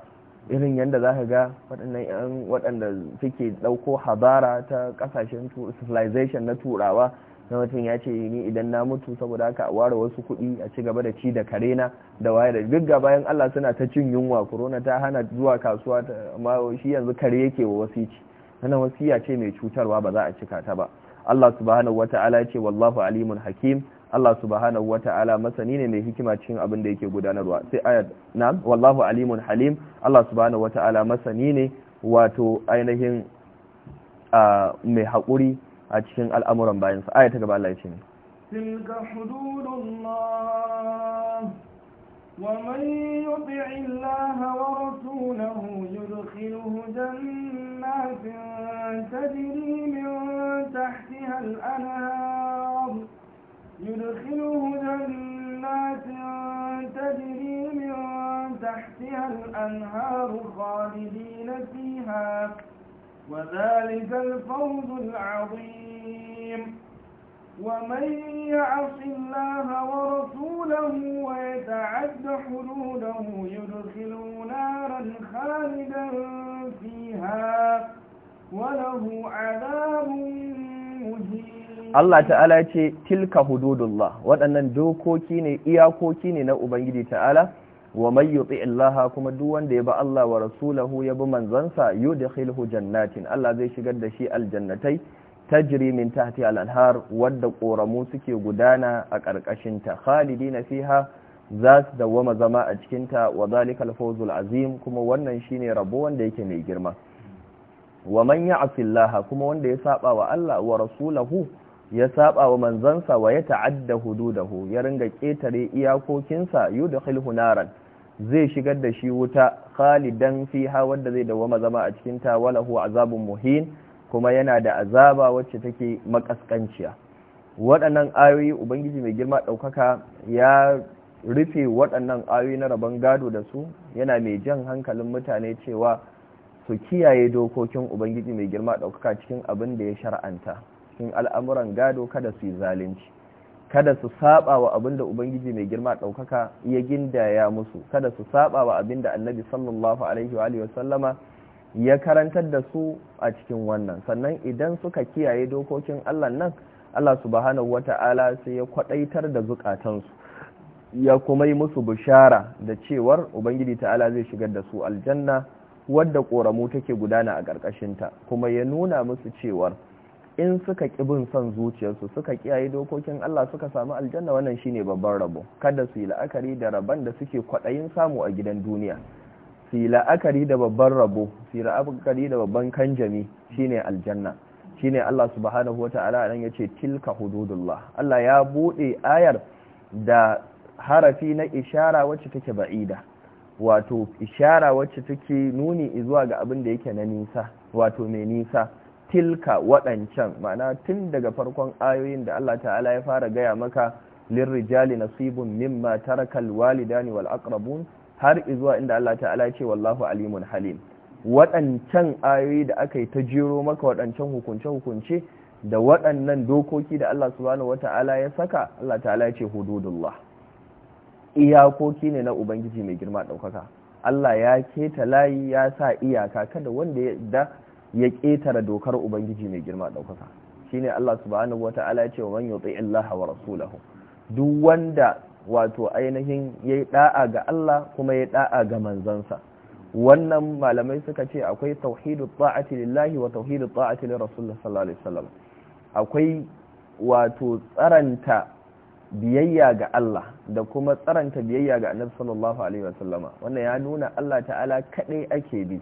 Speaker 1: irin yadda za ka ga waɗannan 'yan waɗanda suke ɗauko habara ta ƙasashen civilization na turawa na mutum ya ce ni idan na mutu saboda haka a ware wasu kuɗi a ci gaba da ci da kare na da waye da duk bayan Allah suna ta cin yunwa corona ta hana zuwa kasuwa amma shi yanzu kare yake wa wasu wasici wannan wasiya ce mai cutarwa ba za a cika ta ba Allah subhanahu wata'ala ya ce wallahu alimun hakim Allah subhanahu wata'ala masani ne mai hikima cikin abin da yake gudanarwa sai ayat na wallahu alimun halim Allah subhanahu wata'ala masani ne wato ainihin mai haƙuri a cikin al’amuran bayan a yi ta gaba laifin
Speaker 2: tilka hududun wa mai yubi illaha wa rasulahu yurkhilu hujan nafin tajirimin tahti al’anar yurkhilu hujan nafin tajirimin tahti al’anar ƙwari dina fiye وذلك الفوز العظيم ومن يعص الله ورسوله ويتعد حدوده يدخل نارا خالدا فيها وله عذاب مهين Allah
Speaker 1: ta'ala ce tilka hududullah waɗannan dokoki ne iyakoki ne na Ubangiji ta'ala wa man yuti illaha kuma duk wanda ya ba Allah wa rasulahu ya bi manzansa yudkhilhu jannatin Allah zai shigar da shi aljannatai tajri min tahti al-anhar wadda koramu suke gudana a karkashin ta khalidina fiha za su dawwama zama a cikin ta wa zalikal fawzul azim kuma wannan shine rabo wanda yake mai girma wa man ya'si Allah kuma wanda ya saba wa Allah wa rasulahu ya saba wa manzansa wa ya ta'adda hududahu ya ringa ketare iyakokinsa yudkhilhu naran zai shigar da shi wuta khalidan fiha wanda zai dawama zama a cikin ta walahu azabun muhin kuma yana da azaba wacce take makaskanciya waɗannan ayoyi ubangiji mai girma ɗaukaka ya rufe waɗannan ayoyi na rabon gado da su yana mai jan hankalin mutane cewa su kiyaye dokokin ubangiji mai girma ɗaukaka cikin abin da ya shar'anta cikin al'amuran gado kada su yi zalunci kada su saba wa abinda ubangiji mai girma daukaka ya gindaya musu kada su saba wa abinda annabi sallallahu alaihi wa sallama ya karantar da su a cikin wannan sannan idan suka kiyaye dokokin Allah nan Allah subhanahu wata'ala sai ya kwadaitar da zukatansu ya kuma yi musu bishara da cewar ubangiji ta'ala zai shigar da su aljanna wadda koramu take gudana a ƙarƙashinta kuma ya nuna musu cewar in suka ƙi bin son zuciyarsu suka kiyaye dokokin Allah suka samu aljanna wannan shine babban rabo kada su yi la'akari da rabon da suke kwaɗayin samu a gidan duniya su yi la'akari da babban rabo su yi la'akari da babban kanjami shine aljanna shine Allah subhanahu wata'ala nan yace tilka hududullah Allah ya bude ayar da harafi na ishara wacce take ba'ida wato ishara wacce take nuni zuwa ga abin da yake na nisa wato mai nisa tilka waɗancan ma'ana tun daga farkon ayoyin da Allah ta'ala ya fara gaya maka lirrijali nasibun mimma tarakal walidani wal aqrabun har izuwa inda Allah ta'ala ce wallahu alimun halim waɗancan ayoyi da aka yi ta jiro maka waɗancan hukunce hukunce da waɗannan dokoki da Allah subhanahu wata'ala ya saka Allah ta'ala ya ce hududullah iyakoki ne na ubangiji mai girma ɗaukaka Allah ya keta layi ya sa iyaka kada wanda ya da ya ƙetare dokar ubangiji mai girma ɗaukaka ne Allah subhanahu wata'ala ya ce wa man yuti illaha wa rasulahu duk wanda wato ainihin yayi ɗa'a ga Allah kuma yayi ɗa'a ga manzansa wannan malamai suka ce akwai tauhidut ta'ati lillahi wa tauhidut ta'ati lir sallallahu alaihi wasallam akwai wato tsaranta biyayya ga Allah da kuma tsaranta biyayya ga annabi sallallahu alaihi wasallama wannan ya nuna Allah ta'ala kadai ake bi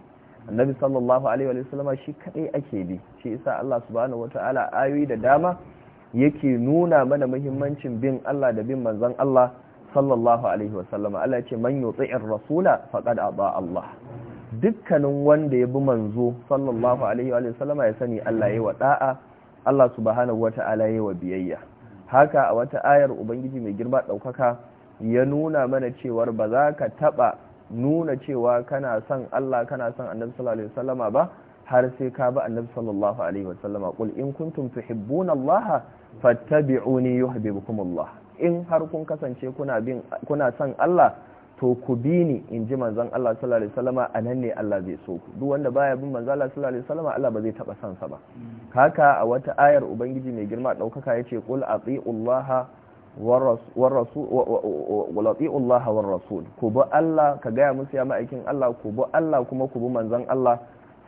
Speaker 1: annabi sallallahu alaihi wa sallama shi kadai ake bi shi isa Allah subhanahu wataala ayoyi da dama yake nuna mana muhimmancin bin Allah da bin manzon Allah sallallahu alaihi wa sallama Allah ce man yuti'ir rasula faqad aba Allah dukkanin wanda ya bi manzo sallallahu alaihi wa sallama ya sani Allah yayi wa da'a Allah subhanahu wataala yayi wa biyayya haka a wata ayar ubangiji mai girma daukaka ya nuna mana cewar ba za ka taba nuna cewa kana son Allah kana son annabi sallallahu alaihi wasallama ba har sai ka bi annabi sallallahu alaihi wasallama qul in kuntum tuhibbuna Allah fattabi'uni yuhibbukum Allah in har kun kasance kuna bin kuna son Allah to ku bi ni in ji manzon Allah sallallahu alaihi wasallama anan ne Allah zai so ku duk wanda baya bin manzon Allah sallallahu alaihi wasallama Allah ba zai taba son sa ba mm. haka a wata ayar ubangiji mai girma daukaka yace kul ati'u Allah walaɗi'un Allah wa Rasul, ku bi Allah ka gaya musu ya ma'aikin Allah, ku bi Allah kuma ku bi manzan Allah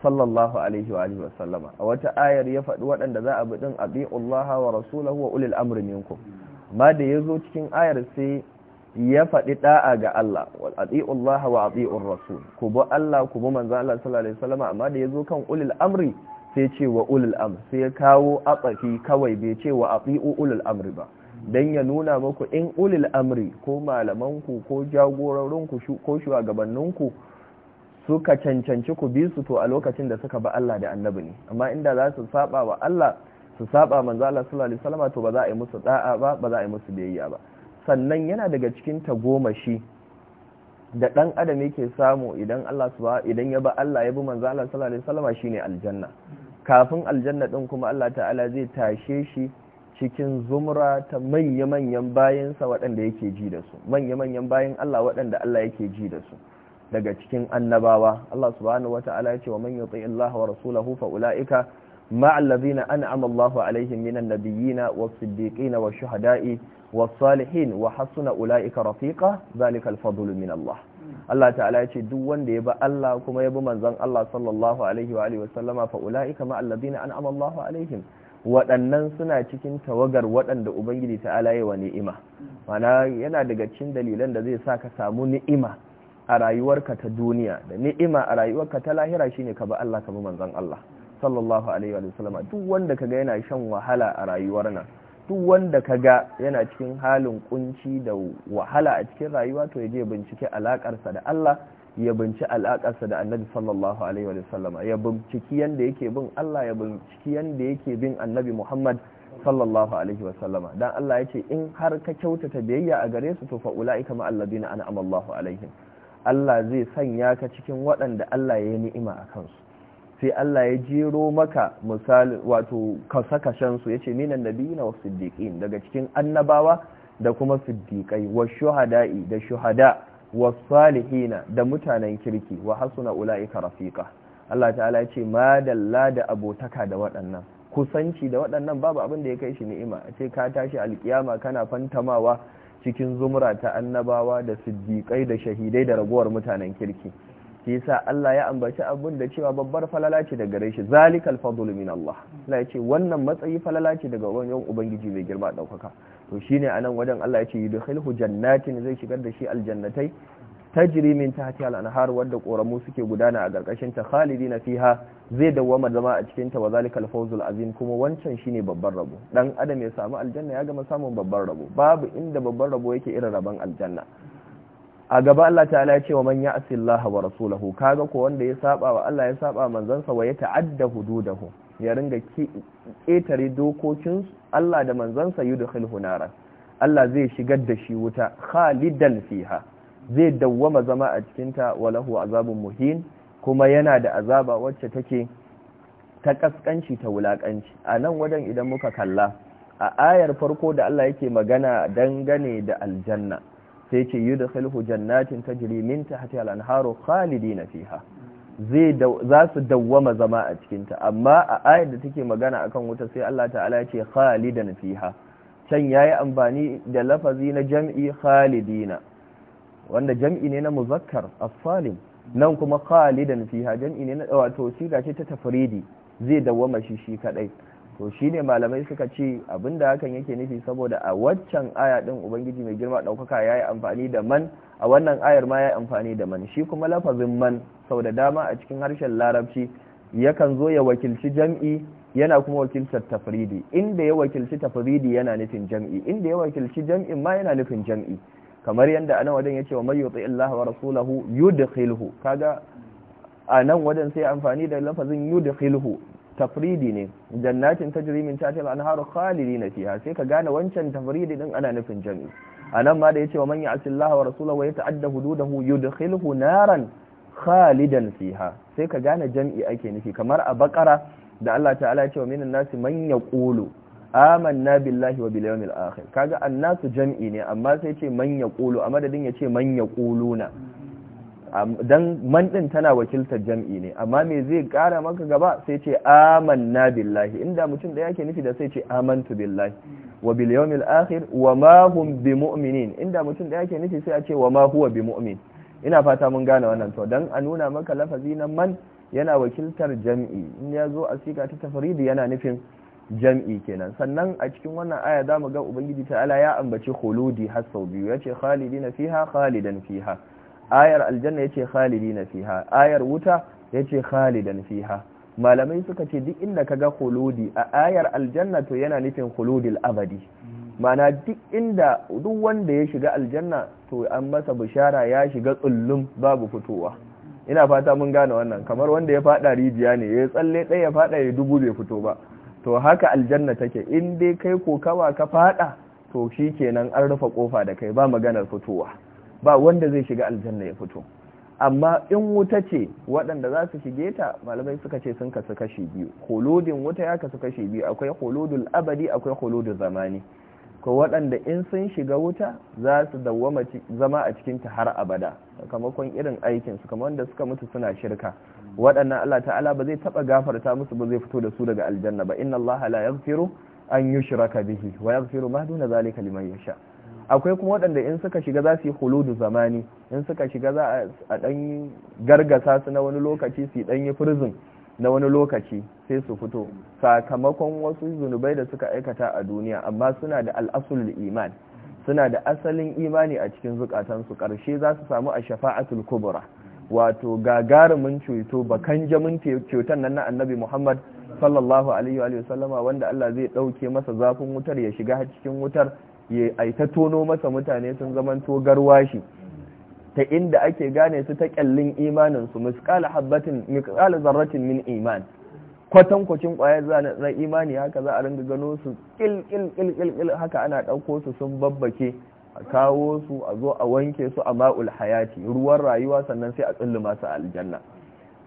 Speaker 1: sallallahu Alaihi wa Alaihi wasallama. A wata ayar ya faɗi waɗanda za a bi ɗin aɗi'un Allah wa Rasulahu wa ulil amurin Ma da ya zo cikin ayar sai ya faɗi ɗa'a ga Allah, aɗi'un Allah wa aɗi'un Rasul, ku bi Allah ku bi manzan Allah sallallahu Alaihi wa wasallama, amma da ya zo kan ulil amri sai ce wa ulil amr sai ya kawo atsafi kawai bai ce wa aɗi'u ulil amri ba. don ya nuna muku in ulil amri ko malamanku ko jagororinku ko shugabanninku suka cancanci ku bi su to a lokacin da suka ba Allah da annabi ne amma inda za su saba wa Allah su saba manzo Allah sallallahu alaihi wasallam to ba za a yi musu da'a ba ba za a yi musu biyayya ba sannan yana daga cikin shi da dan adam yake samu idan Allah idan ya ba Allah ya bi manzo Allah sallallahu alaihi wasallam shine aljanna kafin aljanna din kuma Allah ta'ala zai tashe shi cikin zumra ta manya-manyan bayansa waɗanda yake ji da su manya-manyan bayan Allah waɗanda Allah yake ji da su daga cikin annabawa Allah subhanahu wata'ala ya ce wa manya yuti Allah wa rasulahu fa ulaika ma'a allazina amallahu alaihim minan nabiyina wa siddiqina wa shuhadai wa salihin wa hasuna ulaika rafiqa zalika al-fadlu min Allah Allah ta'ala ya ce duk wanda ya bi Allah kuma ya bi manzon Allah sallallahu alaihi wa alihi wa sallama fa ulaika ma'a allazina amallahu alaihim waɗannan suna cikin tawagar waɗanda ubangiji ta yi wa ni'ima mana yana daga cikin dalilan da zai sa ka samu ni'ima a rayuwarka ta duniya da ni'ima a rayuwarka ta lahira shine ka ba Allah ka bi manzon Allah sallallahu alaihi wa sallama duk wanda kaga yana shan wahala a rayuwar nan duk wanda kaga yana cikin halin kunci da wahala a cikin rayuwa to yaje je bincike alakarsa da Allah ya binci alakarsa da annabi sallallahu alaihi wa sallama ya binciki yanda yake bin Allah ya binciki yanda yake bin annabi Muhammad sallallahu alaihi wa sallama dan Allah yace in har ka kyautata biyayya a gare su to fa ulaika ma alladina an'ama Allahu alaihim Allah zai sanya ka cikin waɗanda Allah ya yi ni'ima a kansu sai Allah ya jero maka misali wato kasakashen su yace minan nabiyina was siddiqin daga cikin annabawa da kuma siddiqai wa shuhada'i da shuhada' wasalihina da mutanen kirki wa hasuna ula'ika rafiqa Allah ta'ala ya ce ma dalla da abotaka da waɗannan kusanci da waɗannan babu abin da ya kai shi ni'ima a ce ka tashi alkiyama kana fantamawa cikin zumra ta annabawa da siddiƙai da shahidai da ragowar mutanen kirki shi yasa Allah ya ambaci abin da cewa babbar falala ce daga gare shi zalikal fadlu min Allah Allah yace wannan matsayi falala ce daga wannan ubangiji mai girma daukaka to shine anan wajen Allah yace yudkhilhu jannatin zai shigar da shi aljannatai tajri min tahtiha al-anhar wadda qoramu suke gudana a garkashin ta khalidina fiha zai dawwama zama a cikin ta wazalikal fawzul azim kuma wancan shine babban rabo dan adam ya samu aljanna ya gama samun babban rabo babu inda babban rabo yake irin rabon aljanna a gaba Allah ta'ala ya ce wa man ya'si Allah wa rasulahu kaga ko wanda ya saba wa Allah ya saba manzansa wa ya ta'adda hududahu ya ringa ketare dokokin Allah da manzansa yudkhilhu nara Allah zai shigar da shi wuta khalidan fiha zai dawwama zama a cikin ta wa lahu azabun muhin kuma yana da azaba wacce take ta kaskanci ta wulakanci a nan wajen idan muka kalla a ayar farko da Allah yake magana dangane da aljanna sai ce da yudkhiluhu jannatin ta jiriminta hati al-anharu khalidina fiha za su dawwama zama a cikinta amma a ayar da take magana akan wuta sai Allah ta'ala ya ce khalidan fiha can ya yi amfani da lafazi na jam'i khalidina wanda jam'i ne na muzakkar a nan kuma khalidan fiha jam'i ne na shi ga ce ta tafridi zai dawwama shi shi kaɗai to shine malamai suka ce abinda hakan yake nufi saboda a waccan aya din ubangiji mai girma ya yi amfani da man a wannan ayar ma ya yi amfani da man shi kuma lafazin man sau da dama a cikin harshen larabci yakan zo ya wakilci jam'i yana kuma wakiltar tafridi inda ya wakilci tafridi yana nufin jam'i inda ya wakilci jam'i ma yana nufin jam'i kamar yadda anan ya yace wa mai yuti Allah wa rasulahu yudkhilhu kaga anan wajen sai amfani da lafazin yudkhilhu tafridi ne jannatin ta jirimin tahtiha al khalidi khalidina fiha sai ka gane wancan tafridi din ana nufin jam'i anan ma da yace wa man ya'si Allah wa rasulahu wa yata'adda hududahu yudkhilhu naran khalidan fiha sai ka gane jam'i ake nufi kamar a bakara da Allah ta'ala ya ce wa minan nasi man yaqulu amanna billahi wa bil yawmil akhir kaga annasu jam'i ne amma sai ce man yaqulu a madadin yace ce man yaquluna dan man din tana wakiltar jam'i ne amma me zai kara maka gaba sai ce amanna billahi inda mutum da yake nufi da sai ce amantu billahi wa bil yawmil akhir wa ma hum inda mutum da yake nufi sai a ce wa ma huwa bimu'min ina fata mun gane wannan to dan a nuna maka lafazi na man yana wakiltar jam'i in ya zo a sika ta tafaridi yana nufin jam'i kenan sannan a cikin wannan aya za mu ga ubangiji ta'ala ya ambaci khuludi har sau biyu yace khalidina fiha khalidan fiha ayar aljanna yace khalidina fiha ayar wuta yace khalidan fiha malamai suka ce duk inda kaga khuludi a ayar aljanna to yana nufin khuludil abadi mana duk inda duk wanda ya shiga aljanna to an masa bishara ya shiga tsullum babu fitowa ina fata mun gane wannan kamar wanda ya fada rijiya ne ya tsalle ɗaya ya fada ya dubu bai fito ba to haka aljanna take in dai kai kokawa ka fada to shikenan an rufe kofa da kai ba maganar fitowa ba wanda zai shiga aljanna ya fito amma in wuta ce waɗanda za su shige ta malamai suka ce sun kasu kashe biyu holodin wuta ya kasu kashe biyu akwai holodin abadi akwai holodin zamani ko waɗanda in sun shiga wuta za su dawwama zama a cikin ta har abada sakamakon irin aikin su kamar wanda suka mutu suna shirka waɗannan Allah ta'ala ba zai taɓa gafarta musu ba zai fito da su daga aljanna ba inna Allah la yaghfiru an yushraka bihi wa yaghfiru ma duna zalika liman yasha' akwai kuma waɗanda in suka shiga za su yi huludu zamani in suka shiga za a ɗan gargasa su na wani lokaci su ɗan yi firzin na wani lokaci sai su fito sakamakon wasu zunubai da suka aikata a duniya amma suna da al'asulul iman suna da asalin imani a cikin zukatansu karshe za su samu a shafa'atul kubra wato gagarumin ceto bakan jamin ceton nan na annabi muhammad sallallahu alaihi wa sallama wanda allah zai ɗauke masa zafin wutar ya shiga cikin wutar ya aita tono masa mutane sun zamanto garwashi ta inda ake gane su ta kyallin imanin su misqala habbatin misqala zarratin min iman kwatan kwacin kwayar na imani haka za a ringa gano su kil kil kil haka ana ɗauko su sun babbake a kawo su a zo a wanke su a ma'ul hayati ruwan rayuwa sannan sai a tsulli masu aljanna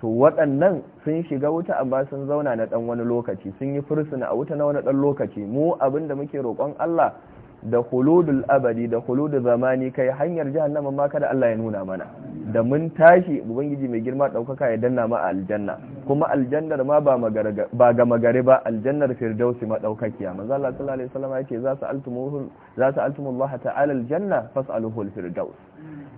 Speaker 1: to waɗannan sun shiga wuta amma sun zauna na ɗan wani lokaci sun yi fursuna a wuta na wani ɗan lokaci mu abinda muke roƙon Allah da huludul abadi da huludul zamani kai hanyar jahannama ma kada Allah ya nuna mana da mun tashi ubangiji mai girma daukaka ya danna ma aljanna kuma aljannar ma ba ba ga magare ba aljannar firdausi ma daukakiya manzo Allah sallallahu alaihi wasallam yake za su altumuhu za su altumullah ta'ala aljanna fas'aluhu alfirdaus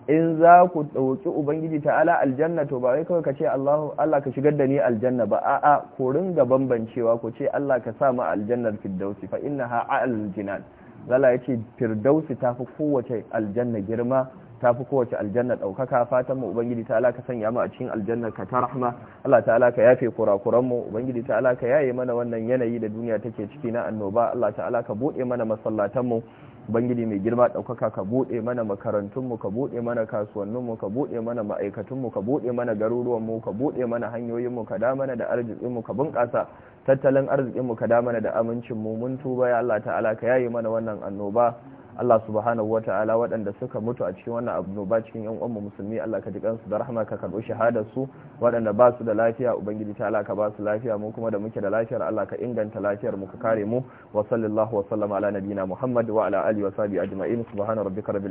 Speaker 1: in za ku dauki ubangiji ta'ala aljanna to ba wai kawai ka ce Allah Allah ka shigar da ni aljanna ba a'a ku ringa bambancewa ku ce Allah ka sa mu aljannar firdausi fa innaha a'al jinan lala ya ce firdausi ta fi kowace aljanna girma ta fi kowace aljanna ɗaukaka fatan mu ubangiji ta alaka sanya mu a cikin aljannar ka ta rahma Allah ta alaka yafe kurakuran mu ubangiji ta alaka yaye mana wannan yanayi da duniya take ciki na annoba Allah ta alaka buɗe mana masallatan mu ubangiji mai girma ɗaukaka ka buɗe mana makarantunmu ka buɗe mana kasuwanninmu ka buɗe mana ma'aikatunmu ka buɗe mana garuruwanmu ka buɗe mana hanyoyinmu ka mana da arzikinmu ka bunƙasa tattalin arzikinmu ka damana da amincinmu mun tuba ya Allah ta'ala ka yaye mana wannan annoba Allah subhanahu wata'ala waɗanda suka mutu a cikin wannan abu ba cikin yan uwan musulmi Allah ka ji kansu da rahama ka karɓi shahadar su waɗanda ba su da lafiya ubangiji ta Allah ka ba su lafiya mu kuma da muke da lafiyar Allah ka inganta lafiyar mu ka kare mu wa sallallahu wa sallama ala nabiyina Muhammad wa ala alihi wa sahbihi ajma'in subhana rabbika rabbil